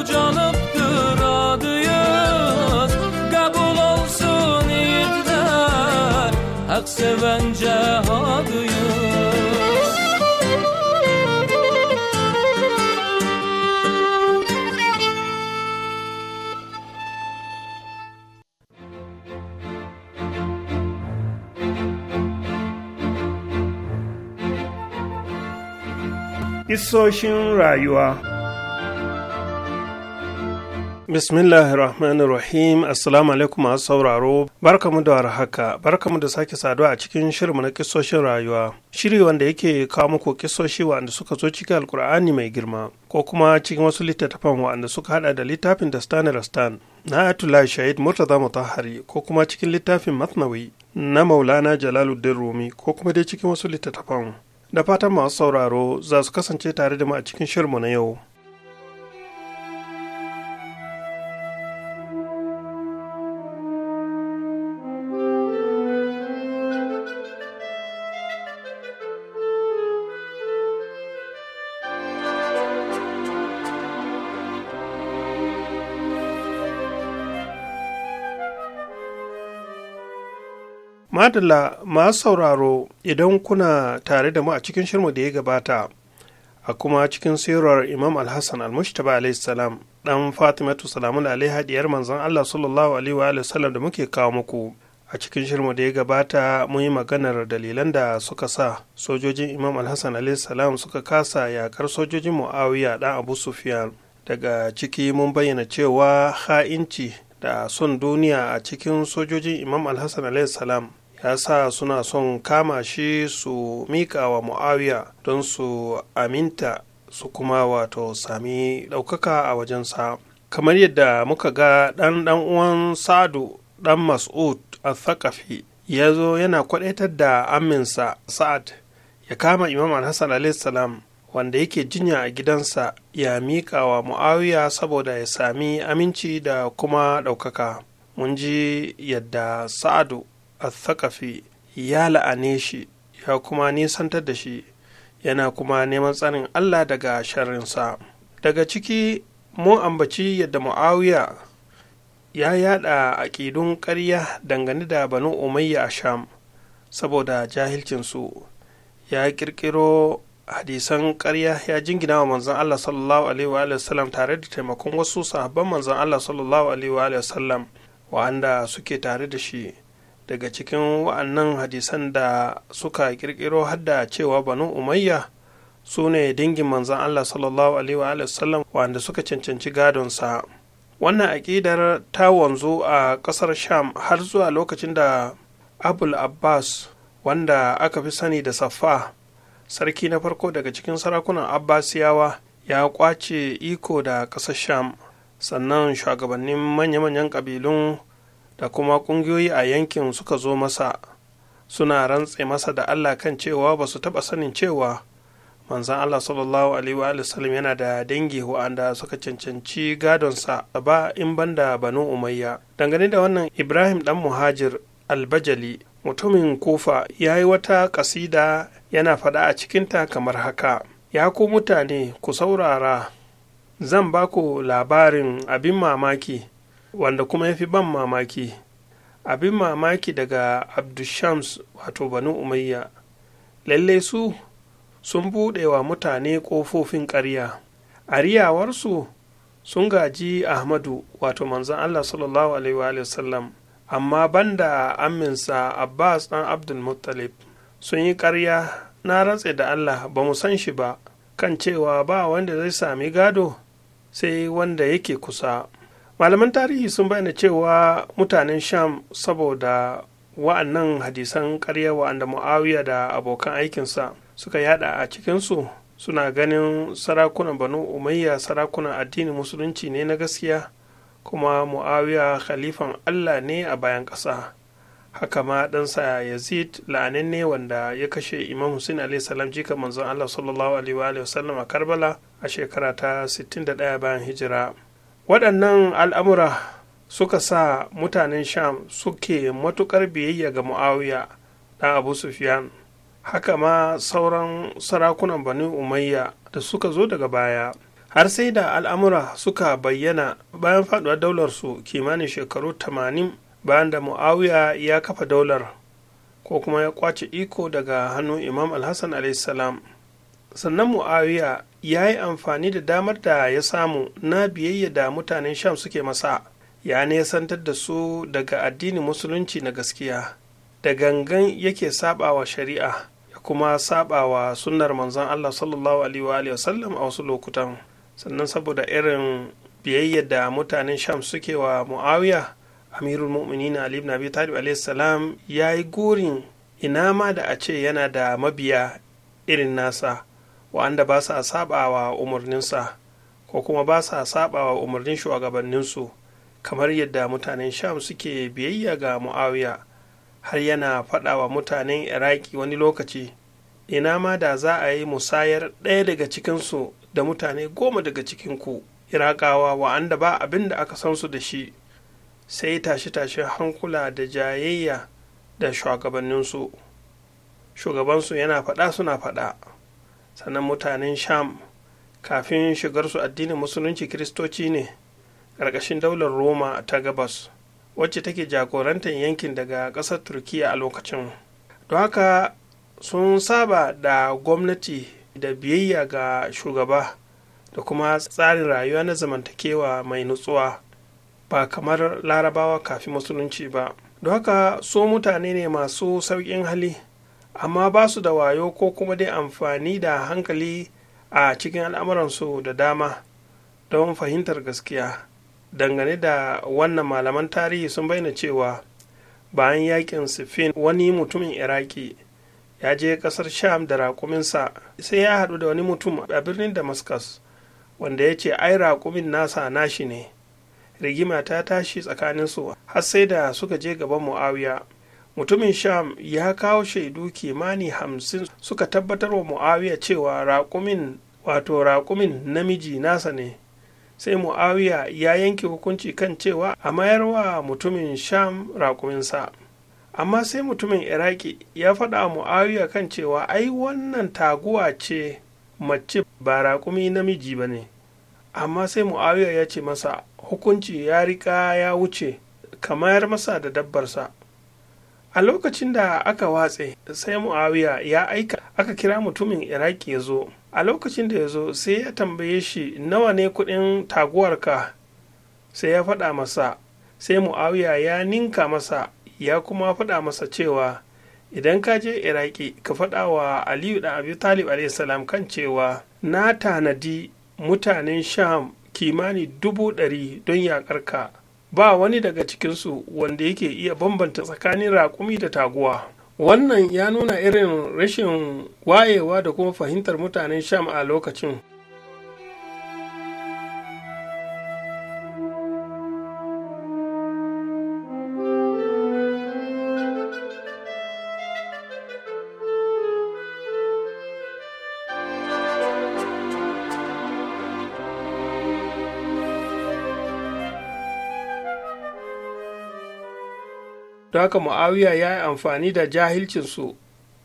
ucalıptır adıyız Kabul olsun iyiler hak seven cehadıyız Isoshin rayuwa Bismillahir Rahmanir Rahim Assalamu alaikum masu sauraro barkamu da warhaka barkamu da sake saduwa a cikin shirinmu na kisoshin rayuwa shiri wanda yake kawo muku kisoshi wanda suka zo cikin alkur'ani mai girma ko kuma cikin wasu littattafan wanda suka hada da littafin da stan stan na Atula Shahid Murtaza Mutahari ko kuma cikin littafin Matnawi na Maulana Jalaluddin Rumi ko kuma dai cikin wasu littattafan da fatan masu sauraro za su kasance tare da mu a cikin shirmu na yau madalla masu sauraro idan kuna tare da mu a cikin shirmu da ya gabata a kuma cikin sirar imam alhassan almushtaba alaihi salam dan fatimatu salamu alaiha diyar manzon allah sallallahu alaihi wa sallam da muke kawo muku a cikin shirmu da ya gabata mun yi maganar dalilan da suka sa sojojin imam alhassan alaihi salam suka kasa yakar sojojin muawiya dan abu sufyan daga ciki mun bayyana cewa ha'inci da son duniya a cikin sojojin imam alhassan alaihi salam ya sa suna son kama shi su mika wa mu'awiya don su aminta su kuma wato sami ɗaukaka a wajensa kamar yadda muka ga ɗan ɗan uwan sadu ɗan mas'ud al-thaqafi ya zo yana kwaɗaitar da aminsa sa'ad ya kama imam al-hassan wanda yake jinya a gidansa ya mika wa mu'awiya saboda ya sami aminci da kuma ɗaukaka mun ji yadda sa'adu al-thaqafi ya la'ane shi ya kuma nisantar da shi yana kuma neman tsanin allah daga sharrinsa daga ciki mu ambaci yadda mu'awiya ya yada aƙidun ƙarya dangane da banu umayya a sham saboda jahilcin su, ya ƙirƙiro hadisan ƙarya ya jingina wa manzan Allah sallallahu alaihi wa sallam tare da taimakon wasu sahabban manzan Allah sallallahu alaihi wa sallam wa'anda suke tare da shi daga cikin wa'annan hadisan da suka kirkiro hadda cewa banu umayya su ne dingin manzan allah sallallahu alaihi wa sallam wanda suka cancanci gadonsa wannan aƙidar ta wanzu a ƙasar sham har zuwa lokacin da abul abbas wanda aka fi sani da saffa sarki na farko daga cikin sarakunan abbasiyawa ya kwace iko da ƙasar sham sannan shugabannin manya-manyan ƙabilun da kuma ƙungiyoyi a yankin suka zo masa suna rantse masa da allah kan cewa ba su taɓa sanin cewa manzan allah sallallahu alaihi wa sallam yana da dangi wa'anda suka cancanci gadonsa ba in banda banu umayya dangane da wannan ibrahim dan muhajir albajali mutumin kufa ya yi wata kasida yana faɗa a cikinta kamar haka ya ku mutane ku saurara zan baku labarin abin mamaki wanda kuma ya fi ban mamaki abin mamaki daga abdushams wato banu umayya lalle su sun buɗe wa mutane ƙofofin ƙarya Ariyawarsu sun gaji ahmadu wato manzan allah sallallahu alaihi wa sallam amma banda aminsa abbas ɗan abdulmuttalib sun yi ƙarya na ratse da allah ba mu san shi ba kan cewa ba wanda zai sami gado sai wanda yake kusa malaman tarihi sun bayyana cewa mutanen sham saboda wa'annan hadisan karya wa'anda mu'awiya da abokan aikinsa suka yada a cikinsu suna ganin sarakunan banu umayya sarakunan addinin musulunci ne na gaskiya kuma mu'awiya khalifan allah ne a bayan ƙasa haka ma ɗansa yazid la'anin ne wanda ya kashe imam hussein salam jika manzon allah sallallahu alaihi wa sallam a karbala a shekara ta 61 bayan hijira waɗannan al'amura suka sa mutanen sham suke matuƙar biyayya ga mu'awiya ɗan abu sufyan haka ma sauran sarakunan bani umayya da suka zo daga baya har sai da al'amura suka bayyana bayan faɗuwar daularsu kimanin shekaru 80 bayan da mu'awiya ya kafa daular ko kuma ya kwace iko daga hannun imam alhassan salam sannan mu'awiya ya yi amfani da damar da ya samu na biyayya da mutanen sham suke masa ya nesantar da su daga addini musulunci na gaskiya da gangan yake sabawa shari'a ya kuma sabawa sunnar manzon Allah sallallahu alaihi wa sallam a wasu lokutan sannan saboda irin biyayya da mutanen sham suke wa muawiya amirul mu'minin ali ibn abi talib alaihi salam ya yi gurin ina ma da a ce yana da mabiya irin nasa wa'anda ba sa sabawa umarninsa ko kuma ba sa sabawa umarnin shugabanninsu kamar yadda mutanen sham suke biyayya ga mu'awiya har yana faɗawa mutanen iraki wani lokaci ina ma da za a yi musayar ɗaya daga cikinsu da mutane goma daga cikinku irakawa wa'anda ba abin da aka san su da shi sai tashe-tashen hankula da jayayya da shugabanninsu shugabansu yana faɗa suna faɗa sannan mutanen sham kafin shigar su addinin musulunci kiristoci ne ƙarƙashin daular roma ta gabas wacce take jagorantar yankin daga ƙasar turkiya a lokacin don haka sun saba da gwamnati da biyayya ga shugaba da kuma tsarin rayuwa na zamantakewa mai nutsuwa ba kamar larabawa kafin musulunci ba don haka so mutane ne masu sauƙin hali amma ba su da wayo ko kuma dai amfani da hankali a cikin al'amuransu da dama don fahimtar gaskiya dangane da wannan malaman tarihi sun bayyana cewa bayan yakin sifin wani mutumin iraki ya je kasar sham da raƙuminsa sai ya haɗu da wani mutum a birnin damascus wanda ya ce ai raƙumin nasa nashi ne rigima ta tashi tsakaninsu har sai da suka je gaban muawiya mutumin sham ya kawo shaidu kimani hamsin suka tabbatar wa mu'awiya cewa raƙumin wato raƙumin namiji nasa ne sai mu'awiya ya yanke hukunci kan cewa a mayar wa mutumin sham raƙuminsa amma sai mutumin iraki ya faɗa mu'awiya kan cewa ai wannan taguwa ce mace ba raƙumi namiji ba ne amma sai mu'awiya ya ce masa hukunci ya riƙa ya wuce ka mayar masa da dabbarsa a lokacin da aka watse sai muawiya ya aika aka kira mutumin iraki ya zo a lokacin da ya zo sai ya tambaye shi nawa ne kuɗin taguwarka sai ya faɗa masa sai muawiya ya ninka masa ya kuma faɗa masa cewa idan ka je iraki ka faɗa wa aliyu da abu talib salam kan cewa na tanadi mutanen sham kimani dubu ɗari don yaƙarka ba wani daga cikinsu wanda yake iya bambanta tsakanin raƙumi da taguwa wannan ya nuna irin rashin wayewa da kuma fahimtar mutanen sham a lokacin don haka mu'awiya ya yi amfani da jahilcinsu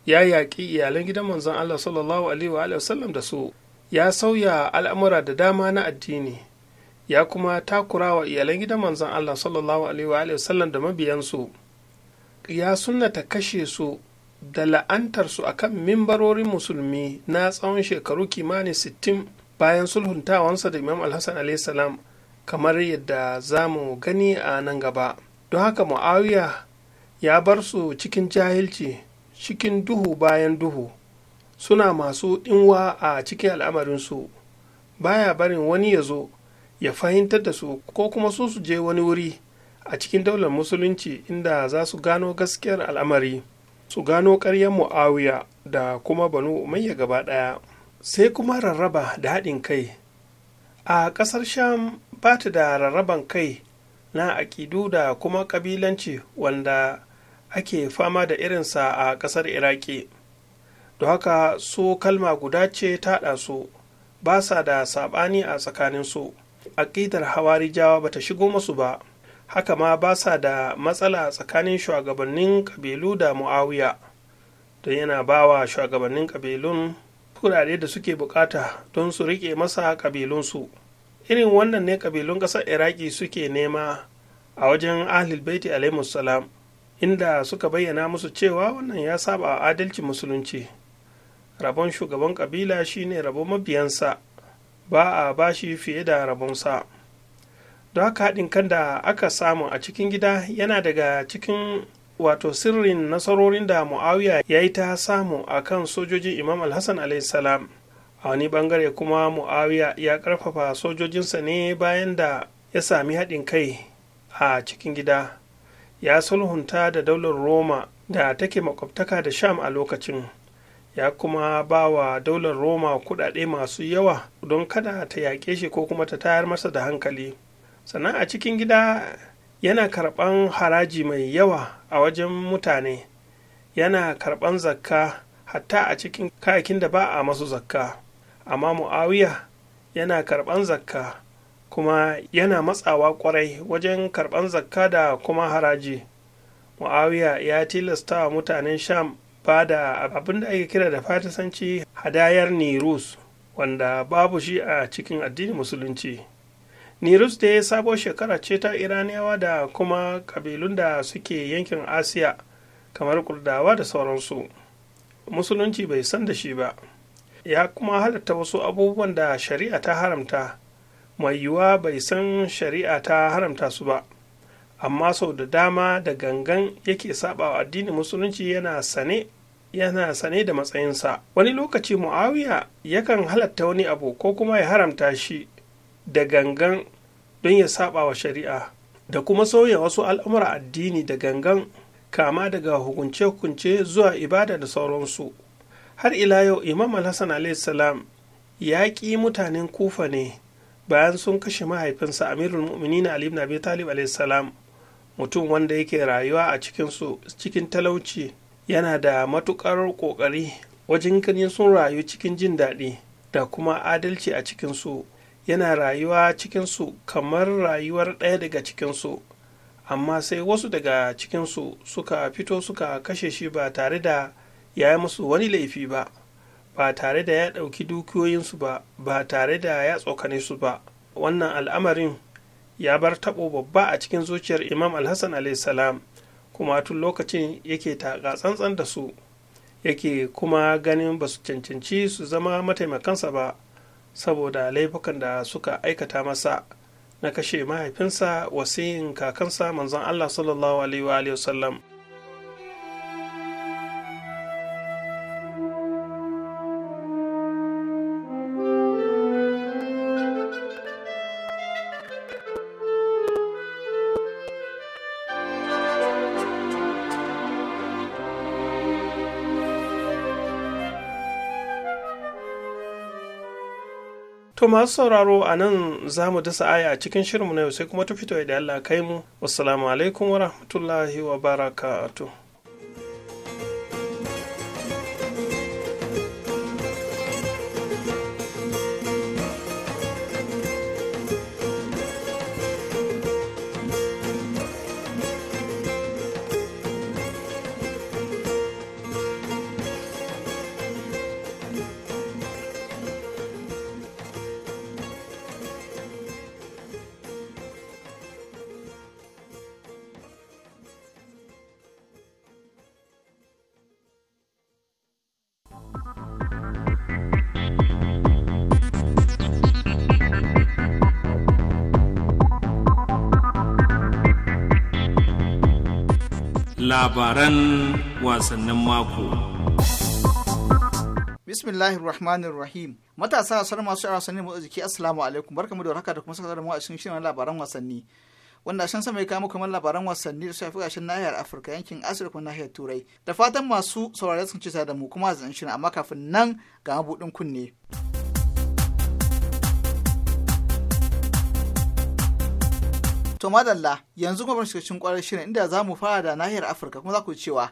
ya yaƙi iyalan gidan manzon Allah sallallahu alaihi wa sallam da su ya sauya al'amura da dama na addini ya kuma takura wa iyalan gidan manzon Allah sallallahu alaihi wa sallam da mabiyansu ya sunnata kashe su da la'antarsu a kan mimbarorin musulmi na tsawon shekaru kimanin sittin bayan sulhuntawansa da imam alhassan alaihi kamar yadda za mu gani a nan gaba don haka mu'awiya ya bar su cikin jahilci cikin duhu bayan duhu suna masu ɗinwa a cikin al'amarinsu baya barin wani ya zo ya fahimtar da su ko kuma su su je wani wuri a cikin daular musulunci inda za su gano gaskiyar al'amari su gano ƙaryar mu'awiya da kuma banu umayya gaba ɗaya sai kuma rarraba da haɗin kai a ƙasar sham ba ta da rarraban kai na aƙidu da kuma ƙabilanci wanda ake fama da irinsa a ƙasar iraki don haka su kalma guda ce taɗa su ba sa da saɓani a tsakaninsu aƙidar jawa ba ta shigo masu ba haka ma ba sa da matsala tsakanin shugabannin ƙabilu da mu'awiya don yana ba wa shugabannin ƙabilun kurare da suke bukata don su riƙe masa ƙabilunsu irin wannan ne ƙabilun ƙasar iraki suke nema a wajen ahlul baiti alaihi salam inda suka bayyana musu cewa wannan ya saba a adalci musulunci rabon shugaban kabila shine rabo mabiyansa ba a bashi fiye da rabonsa don haka haɗin kan da aka samu a cikin gida yana daga cikin wato sirrin nasarorin da muawiya ya yi ta samu a kan sojojin imam alhassan salam a wani bangare kuma muawiya ya karfafa sojojinsa ne bayan da ya sami haɗin kai a cikin gida ya sulhunta da daular roma da take makwabtaka da sham a lokacin ya kuma ba wa daular roma kudade masu yawa don kada ta yaƙe shi ko kuma ta tayar masa da hankali sannan a cikin gida yana karɓan haraji mai yawa a wajen mutane yana karɓan zakka hatta a cikin kayakin da ba a masu zakka amma mu'awiya yana karɓan zakka kuma yana matsawa kwarai wajen karɓar zakka da kuma haraji muawiya ya tilasta wa mutanen sham ba da abin da ake kira da fatisanci hadayar nirus wanda babu shi a cikin addinin musulunci nirus da ya sabo shekara ce ta iraniyawa da kuma kabilun da suke yankin asiya kamar kurdawa da sauransu musulunci bai san da shi ba ya kuma halatta wasu abubuwan da shari'a ta haramta mai yiwuwa bai san shari'a ta haramta su ba amma sau da dama da gangan yake sabawa addinin musulunci yana sane yana sane da matsayinsa wani lokaci muawiya yakan halatta wani abu ko kuma ya haramta shi da gangan don ya saba wa shari'a da kuma sauya wasu al'amura addini da gangan kama daga hukunce-hukunce zuwa ibada da sauransu har ila yau imam al-hassan ya ƙi mutanen kufa ne bayan sun kashe mahaifinsa amirul mu'minin ali ibn abi talib salam mutum wanda yake rayuwa a cikinsu cikin talauci yana da matukar kokari wajen ganin sun rayu cikin jin daɗi da kuma adalci a cikin su yana rayuwa cikinsu kamar rayuwar ɗaya daga cikinsu amma sai wasu daga cikin su suka fito suka kashe shi ba tare da ya yi musu wani laifi ba ba tare da ya ɗauki dukiyoyinsu ba ba tare da ya tsokane su ba wannan al'amarin ya bar taɓo babba a cikin zuciyar imam alhassan salam kuma tun lokacin yake taƙa tsantsan da su yake kuma ganin ba su cancanci su zama mataimakansa ba saboda laifukan da suka aikata masa na kashe mahaifinsa wasiyin kakansa manzon allah sallallahu alaihi sallam To masu sauraro a nan za mu dasa aya a cikin shirinmu na yau sai kuma ta fito da Allah kai mu. Wassalamu alaikum wa rahmatullahi wa barakatuh. labaran wasannin mako. Bismillahir Rahmanir Rahim. Matasa sanar masu yara wasannin motsa jiki Assalamu alaikum. Barkamu da warhaka da kuma saka mu a cikin shirin labaran wasanni. Wanda shan sama ya kawo muku kamar labaran wasanni da shafi gashin nahiyar Afirka yankin Asiya kuma nahiyar Turai. Da fatan masu saurare sun ci da mu kuma zan shirin amma kafin nan ga mabudin kunne. To madalla yanzu kuma cikin kwarar shirin inda za mu fara da nahiyar Afirka kuma za ku cewa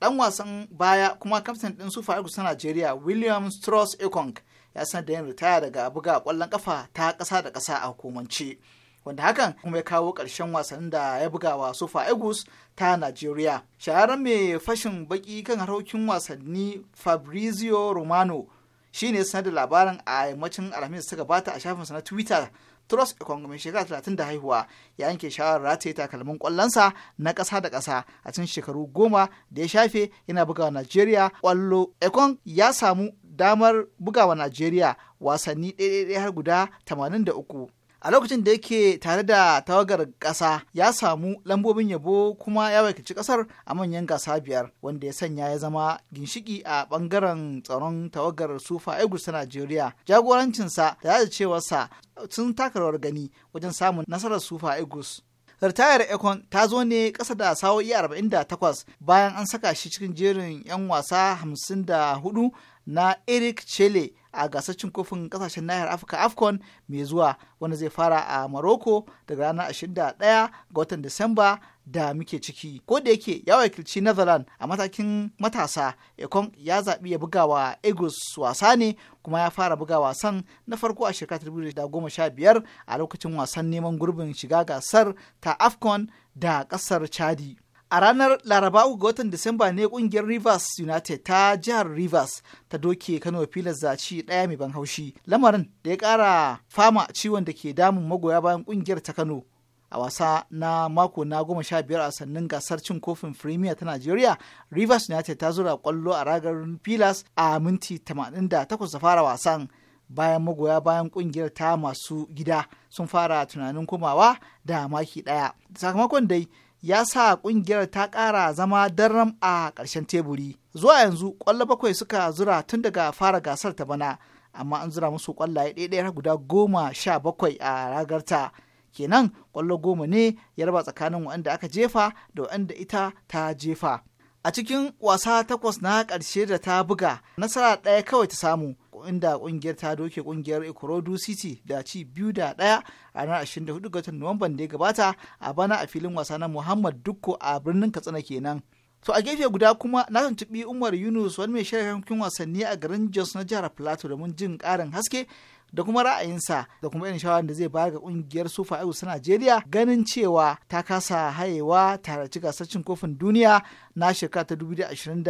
dan wasan baya kuma kaftan din su Eagles na Najeriya William Strauss Ekong ya sanar da yin ritaya daga buga kwallon kafa ta kasa da kasa a hukumance. Wanda hakan kuma ya kawo ƙarshen wasannin da ya buga wa Sufa Egus ta Najeriya. Shahararren mai fashin baki kan harkokin wasanni Fabrizio Romano shine sanar da labarin a yammacin Alhamis ta gabata a shafinsa na Twitter Truss Ekong mai shekara talatin da haihuwa ya yanke shawarar rataye takalmin kwallonsa na ƙasa da ƙasa a cikin shekaru goma da ya shafe yana bugawa Najeriya kwallo. Ekong ya samu damar bugawa Najeriya wasanni ɗaya har guda tamanin da uku. a lokacin da yake tare da tawagar ƙasa ya samu lambobin yabo kuma ya waikaci ƙasar a manyan gasa biyar wanda ya sanya ya zama ginshiki a ɓangaren tsaron tawagar sufa egus ta najeriya jagorancinsa da cewa cewarsa sun taka rawar gani wajen samun nasarar sufa egus ritayar ekon ta zo ne ƙasa da sawo'i 48 bayan an saka shi cikin jerin 'yan wasa 54 na eric chele a gasar cin kofin kasashen nahiyar afirka afcon mai zuwa wanda zai fara a maroko daga ranar 21 ga watan disamba da muke ciki ko da yake ya wakilci netherland a matakin matasa ekon ya zaɓi ya buga wa eagles wasa ne kuma ya fara buga wasan na farko a shekara 2015 a lokacin wasan neman gurbin shiga gasar ta afcon da ƙasar chadi a ranar laraba uku ga watan disamba ne kungiyar rivers united ta jihar rivers ta doke kano filas zaci daya mai ban haushi lamarin da ya ƙara fama ciwon da ke damun magoya bayan kungiyar ta kano a wasa na mako na goma sha biyar a sannan gasar cin kofin firimiya ta najeriya rivers united ta zura kwallo a ragar filas a minti 88 da fara wasan bayan magoya bayan kungiyar ta masu gida sun fara tunanin komawa da maki ɗaya, sakamakon dai ya sa ƙungiyar ta ƙara zama daram a ƙarshen teburi. Zuwa yanzu ƙwallo bakwai suka zura tun daga fara gasar ta bana, amma an zura musu ƙwallaye ɗaya ɗaya guda goma sha bakwai a ragarta. Kenan ƙwallo goma ne ya raba tsakanin wanda aka jefa da wanda ita ta jefa. A cikin wasa takwas na ƙarshe da ta buga, nasara ɗaya kawai ta samu. inda kungiyar ta doke kungiyar ikorodu city da ci biyu da daya a ranar 24 ga watan nuwamban da ya gabata a bana a filin wasa na muhammad dukko a birnin katsina kenan to a gefe guda kuma na tuntuɓi umar yunus wani mai shirya wasanni a garin jos na jihar plateau domin jin karin haske da kuma ra'ayinsa da kuma irin shawarar da zai bayar ga kungiyar sufa eagles ta najeriya ganin cewa ta kasa hayewa tare ci gasar cin kofin duniya na shekara ta 2026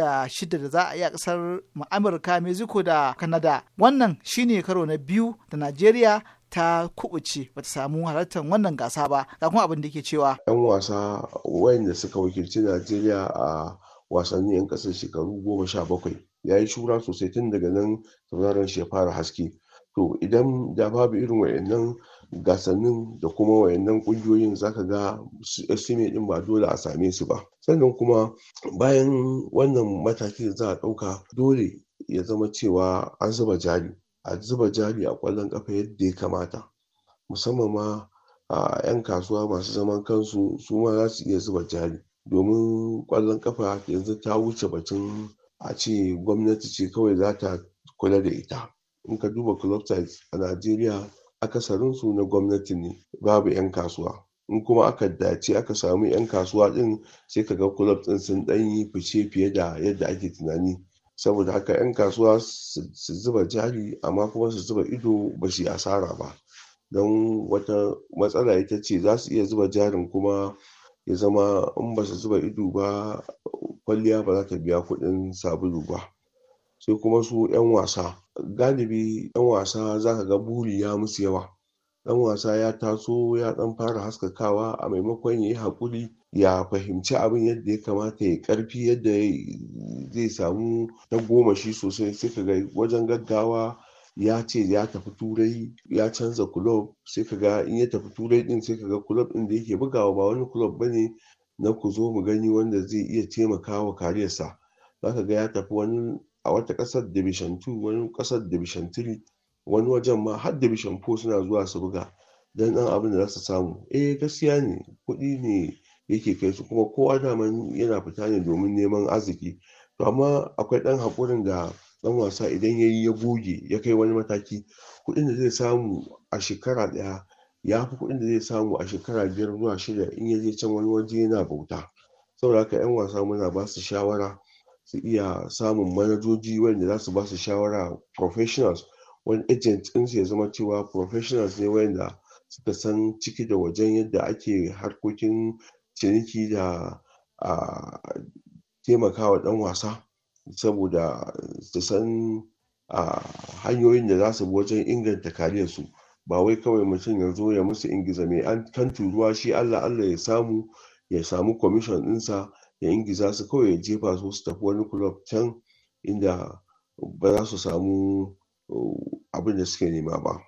da za a yi a kasar amurka mexico da canada wannan shine karo na biyu da najeriya ta kubuce bata samu halartar wannan gasa ba ga kuma abin da ke cewa yan wasa wayanda suka wakilci najeriya a wasannin yan kasar shekaru goma sha bakwai ya yi shura sosai tun daga nan sauraron shi ya fara haske to idan da babu irin wayannan gasannin da kuma wayannan kungiyoyin zaka ga estimate din ba dole a same su ba sannan kuma bayan wannan mataki za a ɗauka dole ya zama cewa an zuba jari a zuba jari a ƙwallon kafa yadda ya kamata musamman ma a 'yan kasuwa masu zaman kansu su ma za su iya zuba jari domin ƙwallon kafa yanzu ta wuce batun a ce gwamnati ce kawai za ta kula da ita in ka duba club site a Najeriya su na gwamnati ne babu 'yan kasuwa. in kuma aka dace aka samu 'yan kasuwa ɗin sai ka ga kulob ɗin sun ɗan yi fice fiye da yadda ake tunani saboda haka 'yan kasuwa su zuba jari amma kuma su zuba ido ba su asara ba don wata matsala ita ce za su iya zuba jarin kuma ya zama in ba su zuba ido ba kwalliya ba za ta biya kuɗin sabulu ba sai kuma su 'yan wasa galibi 'yan wasa za ka ga buri ya musu yawa dan wasa ya taso ya dan fara haskakawa a maimakon ya yi haƙuri ya fahimci abin yadda ya kamata ya karfi yadda zai samu na goma shi sosai sai ka ga wajen gaggawa ya ce ya tafi turai ya canza kulob sai ka ga in ya tafi turai din sai ka ga kulob din da yake bugawa ba wani kulob ba ne na ku zo mu gani wanda zai iya taimakawa kariyarsa za ka ga ya tafi wani a wata ƙasar division 2 wani ƙasar division 3 wani wajen ma har division 4 suna zuwa su buga don ɗan abin da za su samu eh gaskiya ne kuɗi ne yake kai su kuma kowa daman yana fita ne domin neman arziki to amma akwai ɗan haƙurin da ɗan wasa idan ya yi ya goge ya kai wani mataki kuɗin da zai samu a shekara ɗaya ya fi kuɗin da zai samu a shekara biyar zuwa shida in ya je can wani waje yana bauta saboda haka 'yan wasa muna ba su shawara su iya samun manajoji wanda za su ba su shawara professionals wani agent din su ya zama cewa professionals ne wanda suka san ciki da wajen yadda ake harkokin ciniki da a taimakawa dan wasa saboda su san a hanyoyin da za su bi wajen inganta kariyar su ba wai kawai mutum ya zo ya musu ingiza mai an kan turuwa shi Allah Allah ya samu ya samu commission ɗinsa ya ingiza su kawai ya jefa su su tafi wani club can inda ba za su samu uh, abin da suke nema ba.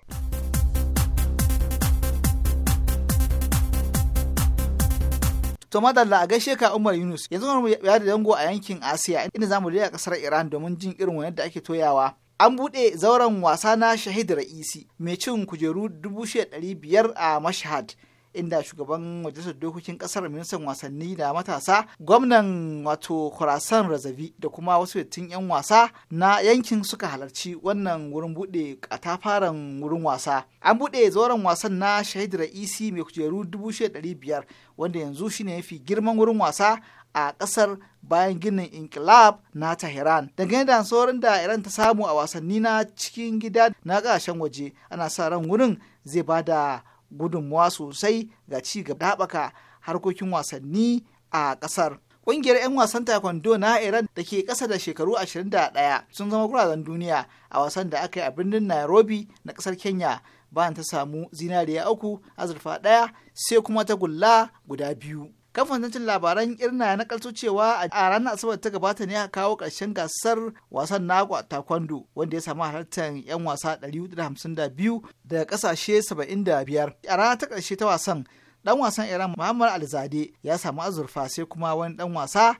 To madalla a gaishe ka Umar Yunus yanzu mu ya da dango a yankin Asiya inda zamu je a kasar Iran domin jin irin wani da ake toyawa. An buɗe zauren wasa na Shahid Ra'isi mai cin kujeru 1500 a Mashhad inda shugaban majalisar dokokin kasar ministan wasanni da matasa gwamnan wato kurasan razabi da kuma wasu dattin 'yan wasa na yankin suka halarci wannan wurin bude katafaren wurin wasa an bude zauren wasan na shahid ra'isi mai kujeru 1500 wanda yanzu shine mafi girman wurin wasa a kasar bayan ginin inkilab na tehran dangane da sauran da iran ta samu a wasanni na cikin gida na kasashen waje ana sa ran wurin zai bada gudunmuwa sosai ga ci gaba haɓaka harkokin wasanni a ƙasar. Ƙungiyar 'yan wasan taekwondo na Iran da ke ƙasa da shekaru 21 sun zama guraren duniya a wasan da aka yi a birnin Nairobi na ƙasar Kenya bayan ta samu zinariya uku azurfa ɗaya sai kuma ta gulla guda biyu. kamfanin labaran irna na kalso cewa a ranar asabar ta gabata ne a kawo ƙarshen gasar wasan na taekwondo wanda ya samu halartar 'yan wasa 152 daga ƙasashe 75 a ranar ta karshe ta wasan dan wasan iran muhammad alzade ya samu azurfa sai kuma wani dan wasa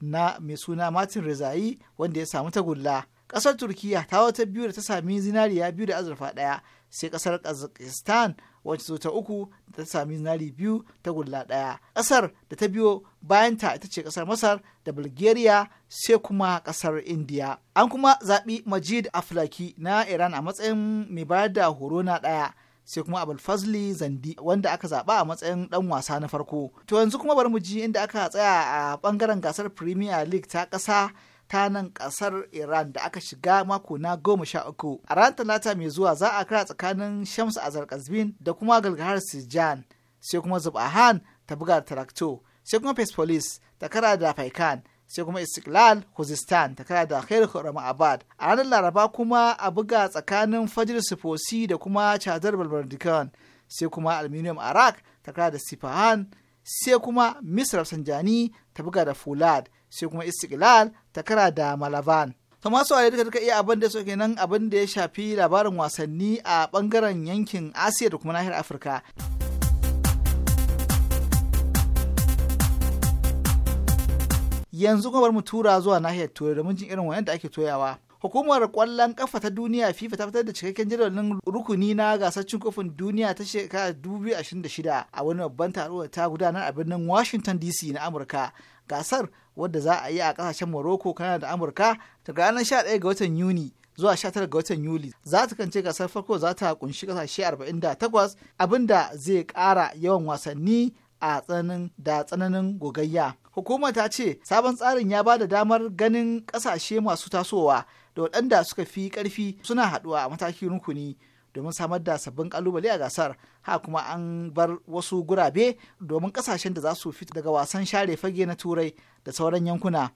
na mai suna martin rizayi wanda ya samu tagulla ƙasar turkiya ta wata biyu da ta sami zinariya biyu da azurfa ɗaya sai ƙasar kazakhstan wacce zo ta uku da ta sami zinari biyu ta gulla ɗaya ƙasar da ta biyo bayanta ita ce ƙasar masar da bulgaria sai kuma ƙasar indiya an kuma zaɓi majid aflaki na iran a matsayin mai bayar da horo na ɗaya sai kuma abulfazli zandi wanda aka zaɓa a matsayin ɗan wasa na farko to yanzu kuma bari mu ji inda aka tsaya a ɓangaren gasar premier league ta ƙasa ta nan kasar Iran da aka shiga mako na goma sha uku. A ranar Talata mai zuwa za a kira tsakanin Shamsu Azar Kazbin da kuma Galgahar Sijan, sai kuma Zubahan ta buga Tarakto, sai kuma Persepolis ta kara da Faikan, sai kuma Istiklal Khuzistan ta kara da Khair Abad. A ranar Laraba kuma a buga tsakanin Fajr Sifosi da kuma Chadar Balbardikan, sai kuma Aluminium Arak ta kara da Sifahan, sai kuma Misr Sanjani ta buga da Fulad. sai kuma istiklal ta kara da malaban to masu a duka duka iya abin da suke nan abin da ya shafi labarin wasanni a bangaren yankin asiya da kuma nahiyar afirka yanzu kuma bar mu tura zuwa nahiyar turai domin jin irin wayan da ake toyawa hukumar kwallon kafa ta duniya fifa ta fitar da cikakken jadawalin rukuni na gasar cin kofin duniya ta shekara 2026 a wani babban taro ta gudanar a birnin washington dc na amurka gasar wadda za a yi a kasashen Morocco, Canada da Amurka daga ranar 11 ga watan Yuni zuwa 19 ga watan Yuli. Za ta kance gasar farko za ta kunshi kasashe 48 abinda zai kara yawan wasanni a tsananin da tsananin gogayya. Hukumar ta ce sabon tsarin ya ba da damar ganin kasashe masu tasowa da waɗanda suka fi ƙarfi suna haɗuwa a matakin rukuni. domin samar da sabbin kalubale a gasar ha kuma an bar wasu gurabe domin kasashen da za su fita daga wasan share fage na turai da sauran yankuna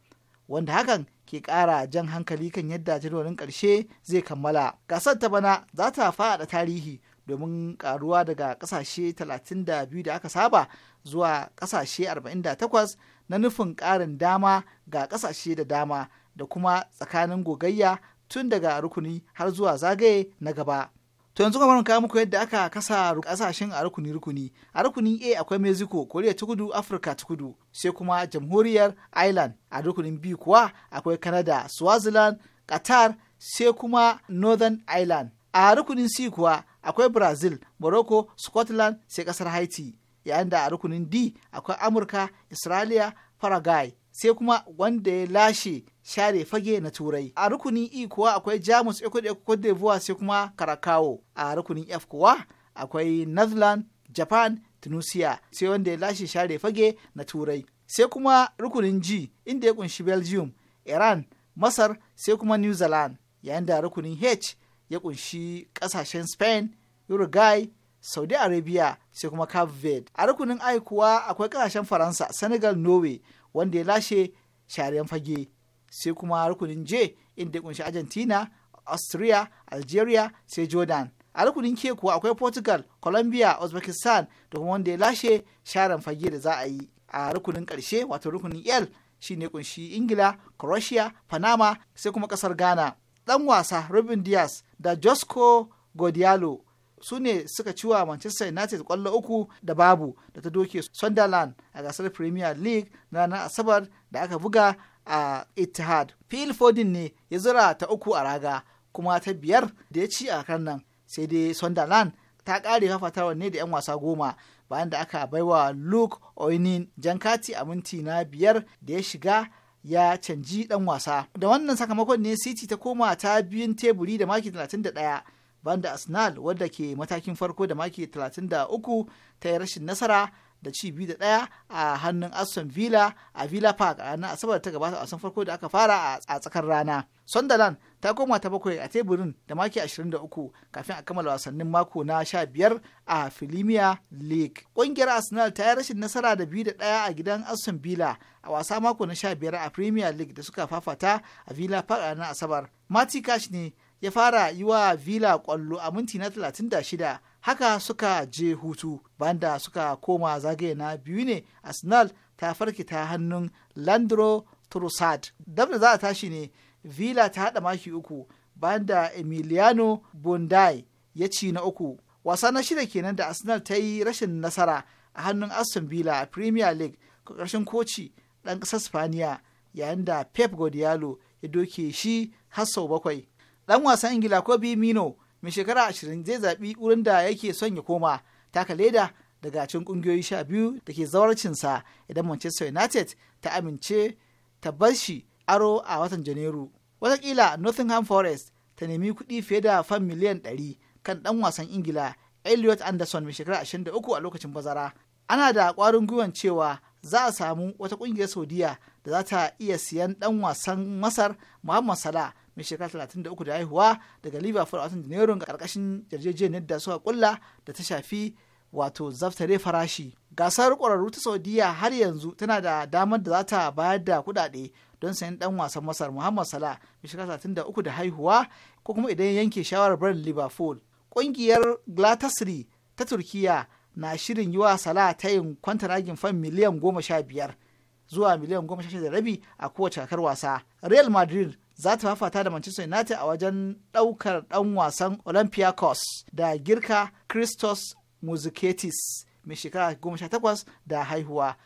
wanda hakan ke kara jan hankali kan yadda jadawalin karshe zai kammala gasar ta bana za ta faɗa tarihi domin karuwa daga kasashe 32 da aka saba zuwa kasashe 48 na nufin ƙarin dama ga kasashe da dama da kuma tsakanin gogayya tun daga rukuni har zuwa zagaye na gaba. To yanzu kamar kawo muku yadda aka kasa kasashen a rukuni-rukuni. A rukunin A akwai Mexico, Korea ta kudu, Afirka ta kudu, sai kuma Jamhuriyar Ireland. A rukunin B kuwa akwai Canada, Swaziland, Qatar, sai kuma Northern Ireland. A rukunin C kuwa akwai Brazil, Morocco, Scotland, sai kasar Haiti. Yayin da a rukunin D akwai Amurka, Australia, Paraguay, sai kuma wanda ya lashe share fage na turai a rukunin e kuwa akwai jamus ecuador d'ivoire sai kuma karakawo a rukunin f kuwa akwai netherland japan tunisia sai wanda ya lashe share fage na turai sai kuma rukunin g inda ya kunshi belgium iran masar sai kuma new zealand yayin da rukunin h ya kunshi kasashen spain uruguay saudi arabia sai kuma cape verde a rukunin i kuwa akwai kasashen faransa senegal norway wanda ya lashe sharen fage sai kuma rukunin j inda ya kunshi argentina austria algeria sai jordan a rukunin ke kuwa akwai portugal colombia uzbekistan da kuma wanda ya lashe sharen fage da za a yi a rukunin karshe wato rukunin l ne kunshi ingila croatia panama sai kuma kasar ghana dan wasa robin diaz da josco godialo su ne suka ciwa Manchester United kwallo uku da babu da ta doke Sunderland a gasar Premier League na ranar Asabar da aka buga a Etihad. Phil Foden ne ya zura ta uku a raga kuma ta biyar da ya ci a kan nan sai dai Sunderland ta kare fafatawar ne da 'yan wasa goma bayan da aka baiwa Luke Oinin jankati a minti na biyar da ya shiga ya canji dan wasa. Da wannan sakamakon ne City ta koma ta biyun teburi da maki 31 banda arsenal wadda ke matakin farko da maki 33 ta yi rashin nasara da ci biyu da ɗaya a hannun aston villa a villa park a ranar asabar ta gabata a wasan farko da aka fara a tsakar rana sunderland ta koma ta bakwai a teburin da maki 23 kafin a kammala wasannin mako na 15 a Premier league ƙungiyar arsenal ta yi rashin nasara da biyu da ɗaya a gidan aston villa a wasa mako na 15 a premier league da suka fafata a villa park a ranar asabar mati cash ne ya fara yi wa villa kwallo a minti na 36 haka suka je hutu banda suka koma zagaye na biyu ne arsenal ta ta hannun landro trussard dab za a tashi ne villa ta haɗa maki uku Banda emiliano bondai ya ci na uku wasa na shida kenan da arsenal ta yi rashin nasara a hannun aston villa a premier league ƙarshen koci ɗan ƙasar spaniya yayin da pep guardiola ya doke shi har sau bakwai dan wasan ingila kobe mino mai shekara ashirin zai zaɓi wurin da yake son ya koma taka leda daga cikin ƙungiyoyi sha biyu da ke zawarcinsa idan manchester united ta amince ta bar shi aro a watan janairu watakila nottingham forest ta nemi kuɗi fiye da fan miliyan ɗari kan ɗan wasan ingila elliot anderson mai shekara ashirin da uku a lokacin bazara ana da ƙwarin gwiwan cewa za a samu wata ƙungiyar saudiya da za ta iya siyan ɗan wasan masar muhammad salah mai shekara talatin da uku da haihuwa daga liverpool a watan janairun ga karkashin yarjejeniyar da suka kulla da ta shafi wato zaftare farashi gasar ƙwararru ta saudiya har yanzu tana da damar da za ta bayar da kuɗaɗe don sayan dan wasan masar muhammad salah mai shekara talatin da uku da haihuwa ko kuma idan yanke shawarar barin liverpool ƙungiyar glatasri ta turkiya na shirin yi wa salah tayin kwantaragin fan miliyan goma sha biyar zuwa miliyan goma sha da rabi a kowace kakar wasa real madrid za ta fafata da Manchester United a wajen ɗaukar ɗan wasan Olympiacos da girka Christos musiketis mai shekara 18 da haihuwa.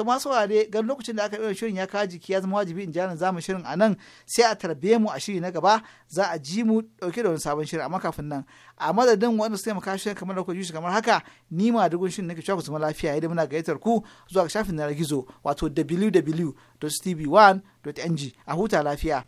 to masu ware gan lokacin da aka yi shirin ya kaji jiki ya zama wajibi in jana zamu shirin a nan sai a tarbe mu a shiri na gaba za a ji mu dauke da wani sabon shirin amma kafin nan a madadin wanda su taimaka shirin kamar da kuka kamar haka ni ma dugun shirin nake cewa ku zama lafiya yadda muna gayyatar ku zuwa ga shafin na gizo wato www.tv1.ng a huta lafiya.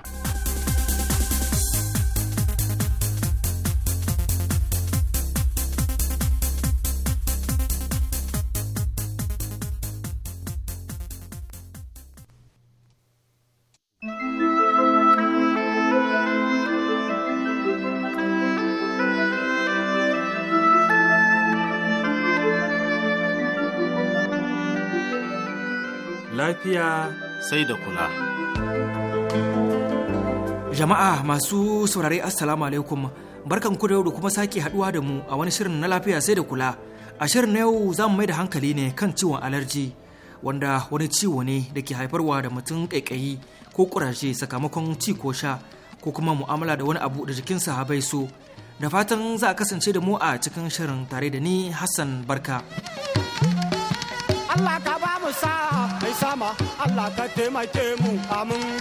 lafiya sai da kula. Jama'a masu saurare Assalamu alaikum barkan ku da yau da kuma sake haduwa da mu a wani shirin na lafiya sai da kula. A shirin na yau za mu mai da hankali ne kan ciwon alarji wanda wani ciwo ne da ke haifarwa da mutum kaikayi ko ƙuraje sakamakon ci ko sha ko kuma mu'amala da wani abu da jikinsa bai so. Da fatan za a kasance da mu a cikin shirin tare da ni Hassan Barka. Allah ka ba mu sa'a mai sama Allah ka taimake mu amin.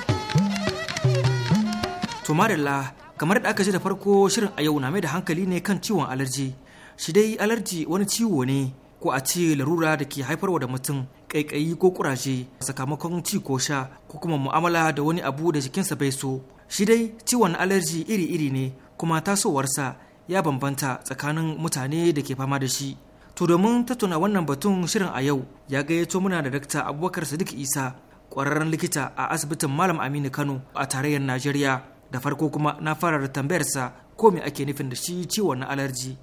To marilla kamar da aka ji da farko shirin a yau na mai da hankali ne kan ciwon alarji. Shi dai alarji wani ciwo ne ko a ce larura da ke haifarwa da mutum ƙaiƙayi ko kuraje sakamakon ci ko sha ko kuma mu'amala da wani abu da jikinsa bai so. Shi dai ciwon alarji iri-iri ne kuma tasowarsa ya bambanta tsakanin mutane da ke fama da shi. To domin tattauna wannan batun shirin a yau ya gayyato muna da Dakta Abubakar Sadiq Isa ƙwararren likita a asibitin Malam Aminu Kano a tarayyar Najeriya. Da farko kuma na fara da tambayarsa ko me ake nufin da shi ciwon na alarji.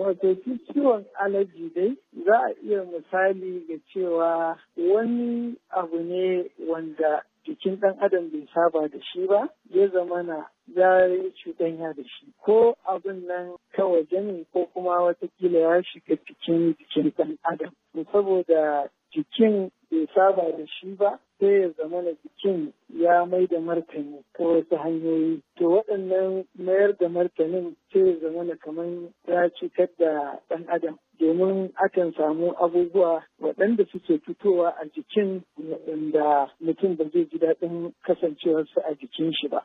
wato shi ciwon alaji dai za a iya misali ga cewa wani abu ne wanda jikin ɗan adam bai saba da shi ba ya zama na ya yi ya da shi ko abin nan ta waje ne ko kuma watakila ya shiga cikin jikin ɗan adam saboda jikin bai saba da shi ba sai ya zama na jikin ya mai da martani ta wasu hanyoyi to waɗannan mayar da martanin sai ya zama na kamar ya cutar da ɗan adam domin akan samu abubuwa waɗanda suke fitowa a jikin waɗanda mutum ba zai ji daɗin kasancewarsu a jikin shi ba.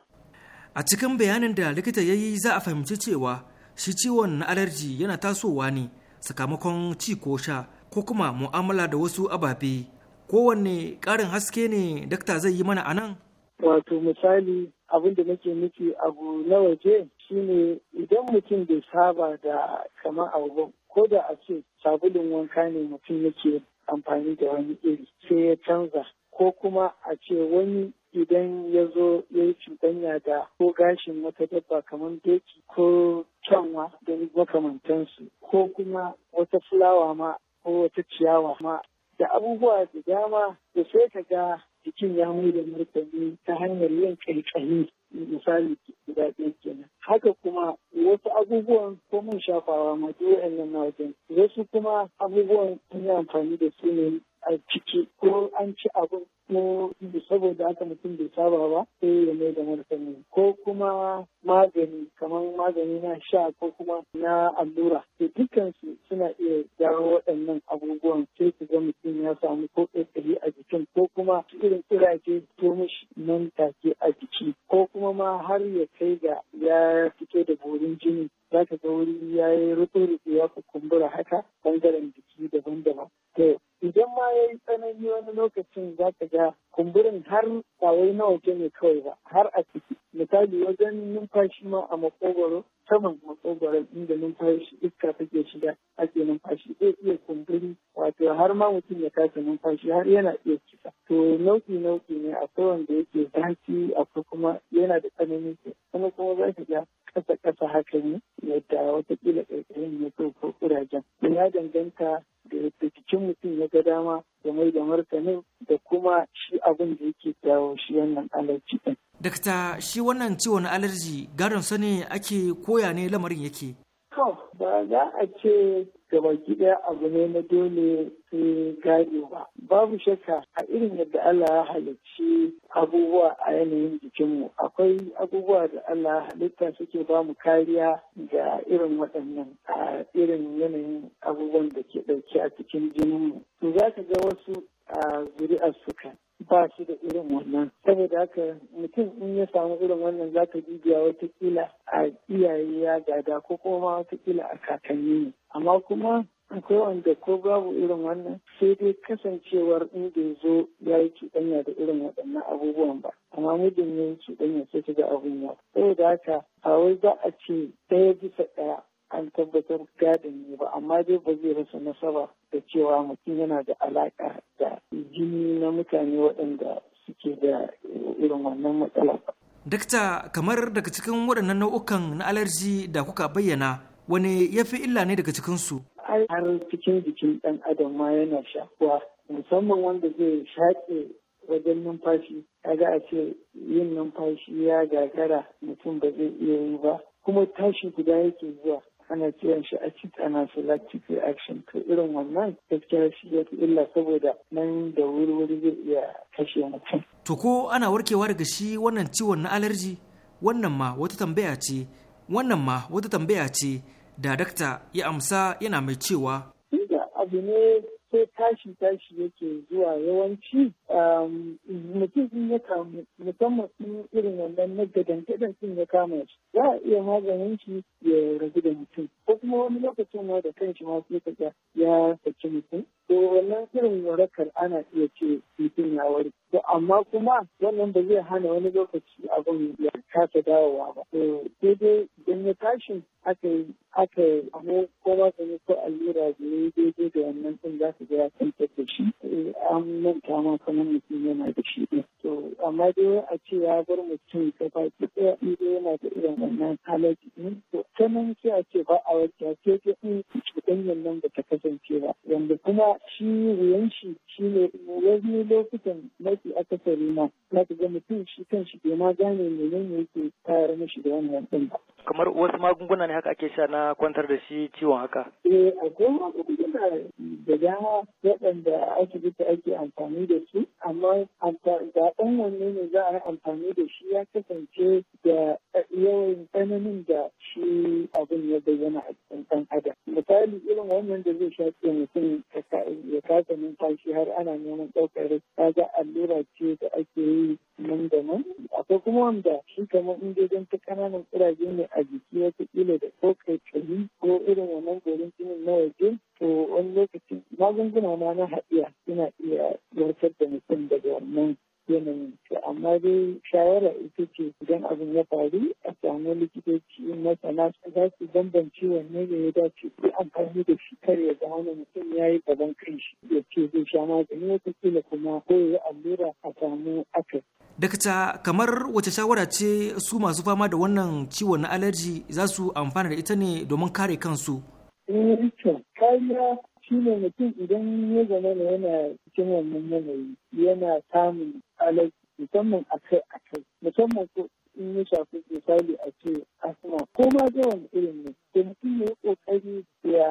A cikin bayanin da likita ya yi za a fahimci cewa shi ciwon na alarji yana tasowa ne sakamakon ci ko sha ko kuma mu'amala da wasu ababe kowanne ƙarin haske ne dakta zai yi mana a nan? Wato misali abin da nake nufi abu na waje shine idan mutum bai saba da kamar abu ko da a ce sabulun wanka ne mutum yake amfani da wani iri sai ya canza ko kuma a ce wani idan ya zo ya yi cuɗanya da ko gashin wata dabba kamar doki ko canwa don makamantansu ko kuma wata fulawa ma ko wata ciyawa ma da abubuwa da dama da sai ka ga jikin ya mai da martani ta hanyar yin kaikayi misali guda ɗaya kenan haka kuma wasu abubuwan ko mun shafawa ma duk wa'annan na wajen wasu kuma abubuwan sun yi amfani da su ne a ciki ko an ci abin ko saboda haka mutum bai saba ba sai ya mai da martani ko kuma magani kamar magani na sha ko kuma na allura to dukkansu suna iya jawo waɗannan abubuwan sai su ga mutum ya samu ko ƙirƙiri a jikin ko kuma irin ƙiraje to mishi nan take a jiki ko kuma ma har ya kai ga ya fito da borin jini za ka ga wuri ya yi rufe-rufe ya kumbura haka ɓangaren jiki daban-daban. To idan ma ya yi tsanani wani lokacin za ka ga Ɗaya kumburin har ba wai na ne kawai ba har a ciki misali wajen numfashi ma a makogoro saman makogoron inda numfashi iska take shiga ake numfashi zai iya kumburi wato har ma mutum ya kasa numfashi har yana iya cika to nau'i nauki ne akwai wanda yake zafi ko kuma yana da tsanani kuma kuma za ka ga kasa kasa haka ne yadda watakila ƙirƙirin ya ko kurajen ya danganta da jikin mutum ya ga dama da mai da martanin da kuma shi abin da yake jawo shi wannan alerji din. Dakta shi wannan ciwon alerji gadon sani ake koya ne lamarin yake. To, ba za a ce gaba gida abu ne na dole sai gado ba. Babu shakka a irin yadda Allah ya halicci abubuwa a yanayin jikinmu. Akwai abubuwa da Allah halitta suke ba mu kariya ga irin waɗannan a irin yanayin abubuwan da ke ɗauki a cikin jininmu. To za ka ga wasu a zuri'ar sukan. ba shi da irin wannan saboda haka mutum in ya samu irin wannan za ka dubiya watakila a iyaye ya gada ko kuma watakila a kakanni ne amma kuma akwai wanda ko babu irin wannan sai dai kasancewar in bai zo ya yi cuɗanya da irin waɗannan abubuwan ba amma muddin ya yi cuɗanya sai ta ga abun ya saboda haka a wai za a ce ɗaya bisa ɗaya an tabbatar gadon ne ba amma dai ba zai rasa nasaba da cewa mutum yana da alaƙa da jini na mutane waɗanda suke da irin wannan matsala. Dakta kamar daga cikin waɗannan nau'ukan na alarji da kuka bayyana wani ya fi illa ne daga cikinsu? Har cikin jikin ɗan adam ma yana shakuwa musamman wanda zai shaƙe wajen numfashi ga a ce yin numfashi ya gagara mutum ba zai iya yi ba kuma tashi guda yake zuwa ana kiran shi a ana anaphylactic reaction to irin wannan gaskiya shi ya fi illa saboda nan da wuri-wuri zai iya kashe mutum. To ko ana warkewa daga shi wannan ciwon na alerji? Wannan ma wata tambaya ce, wannan ma wata tambaya ce da dakta ya amsa yana mai cewa. abu ne sai tashi tashi yake zuwa yawanci um, mutum in ya kamu musamman in irin wannan na gadan gadan sun ya kama shi za a iya maganin shi ya ragu da mutum ko kuma wani lokacin ma da kanshi ma sai ka ya saki mutum to wannan irin warakar ana iya ce mutum ya warke to amma kuma wannan ba zai hana wani lokaci abin ya kasa dawowa ba to sai dai idan ya tashi aka yi aka yi amma ko ba su ko allura da ya daidai da wannan sun za su ga ya kwantar da shi eh, an manta ma kamar mutum yana da shi to amma dai a ce ya bar mutum gaba ki ɗaya in dai yana da irin wannan halaji ɗin to ta nan sai a ce ba a wajen sai dai in cuɗanyan nan ba ta kasance ba wanda kuma shi shi shi ne wani lokutan mafi akasari ma na ka ga mutum shi kan shi ke ma gane ne yake tayar mashi da wannan ɗin kamar wasu magunguna ne haka ake sha na kwantar da shi ciwon haka. eh akwai magunguna da dama waɗanda asibiti ake amfani da su amma zaɓen wanne ne za a yi amfani da shi ya kasance da yawan tsananin da shi abin ya bayyana a cikin ɗan adam. misali irin wannan da zai shaƙe mutum ya kasa numfashi har ana neman ɗaukar kaga allura ce da ake yi nan da nan akwai kuma wanda shi kamar in dai ta ƙananan ƙuraje ne a jiki wataƙila da ko ƙaiƙayi ko irin wannan gorin jinin na waje to wani lokaci magunguna ma na haɗiya suna iya warkar da mutum da amma dai shawara ita ce idan abin ya faru a samu likitoci masana su za su bambance wanne da ya dace ko amfani da shi kar ya zama na mutum ya yi gaban kanshi ya ce zai sha magani wata kuma ko ya allura a samu aka. Dakta kamar wace shawara ce su masu fama da wannan ciwon na alerji za su amfana da ita ne domin kare kansu? Eh, shi ne mutum idan ya zama yana cikin wannan yanayi yana samun alaji. musamman akai akai musamman ko in ya shafi misali a ce asma ko ma da wani irin ne da mutum ya yi kokari ya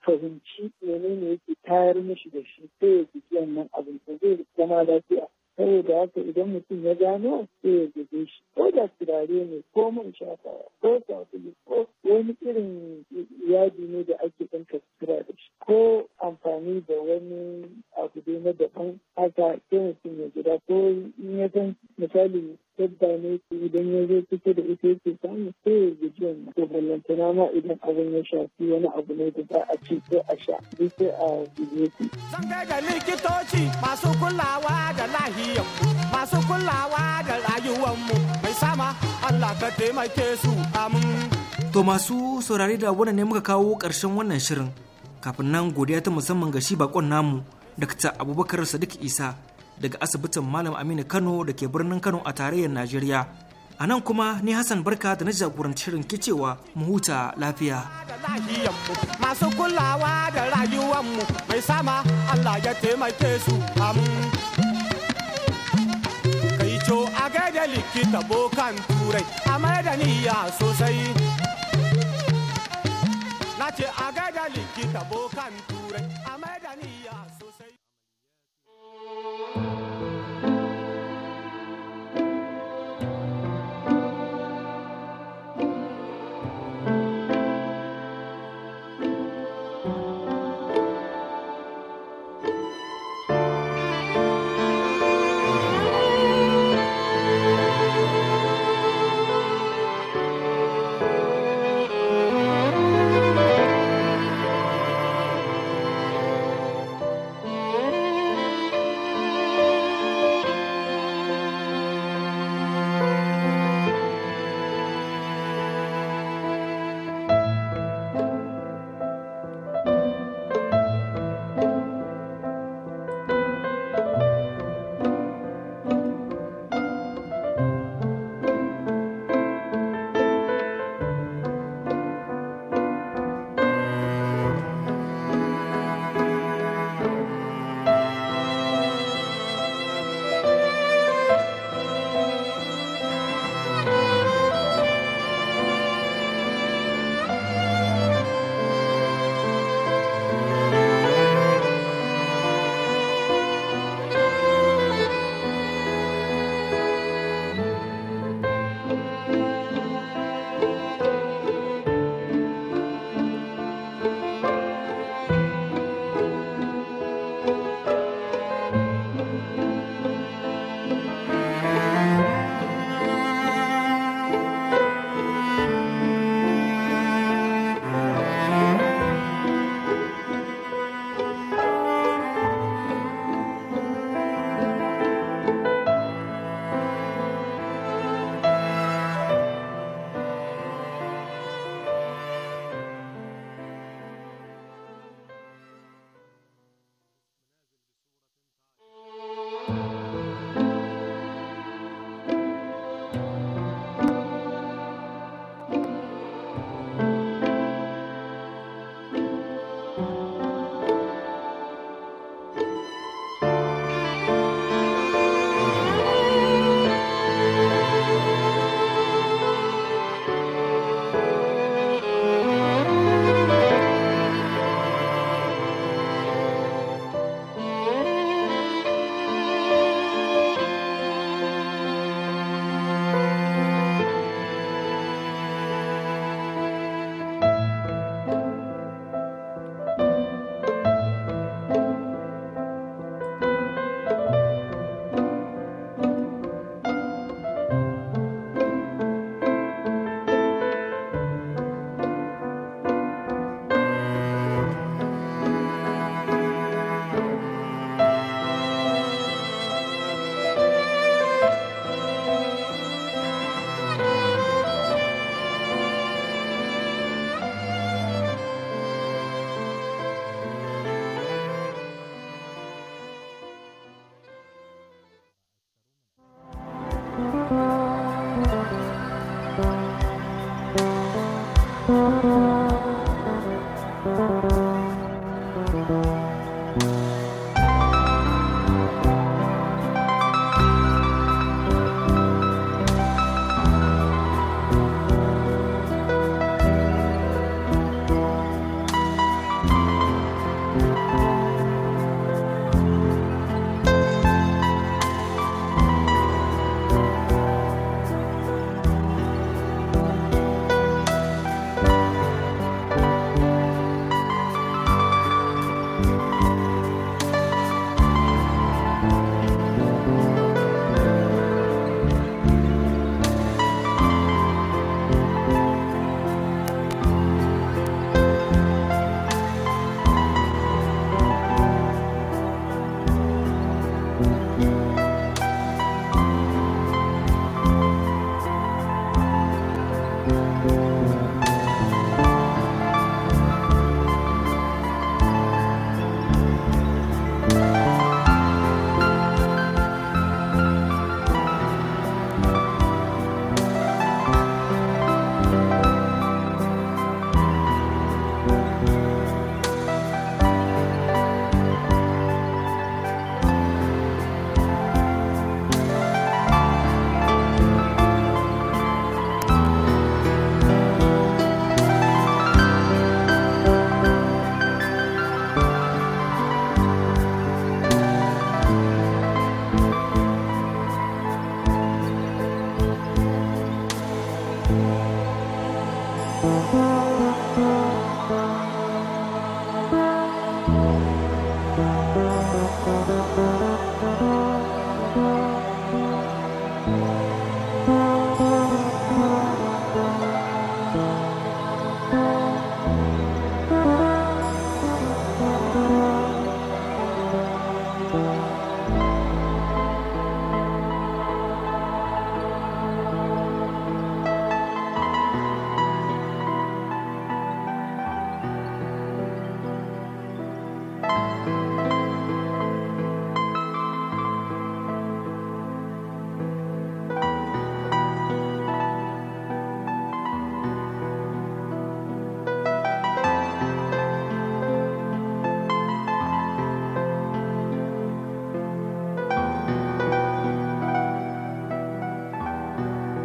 fahimci menene yake tayar mishi da shi ta ya ji nan abin da zai zama lafiya saboda haka idan mutum ya gano sai ya guje shi ko da turare ne ko man shafawa ko sabulu ko wani irin yadi ne da ake ɗan kaskura da shi ko amfani da wani abu dai na daban haka kyan su ne gida ko in ya san misali tabba ne idan ya zo kusa da ita yake samu ko ya guji wannan to ballantana ma idan abin ya shafi wani abu ne da za a ci ko a sha duk sai a guje su. Zan kai ga likitoci masu kulawa da lahiyar masu kulawa da rayuwarmu mai sama Allah ka taimake su amin. To masu saurari da wannan ne muka kawo ƙarshen wannan shirin. Kafin nan godiya ta musamman ga shi bakon namu Dr. Abubakar Sadiq Isa daga asibitin Malam Aminu Kano da ke birnin Kano a tarayyar Najeriya. A nan kuma ni Hassan Barka da na jagoranci rikicewa mu huta lafiya. Masu kulawa da rayuwanmu mai sama Allah ya taimake su Kai co a gaida likita bokan turai a mai da niyya sosai. Na ce a gaida likita bokan turai.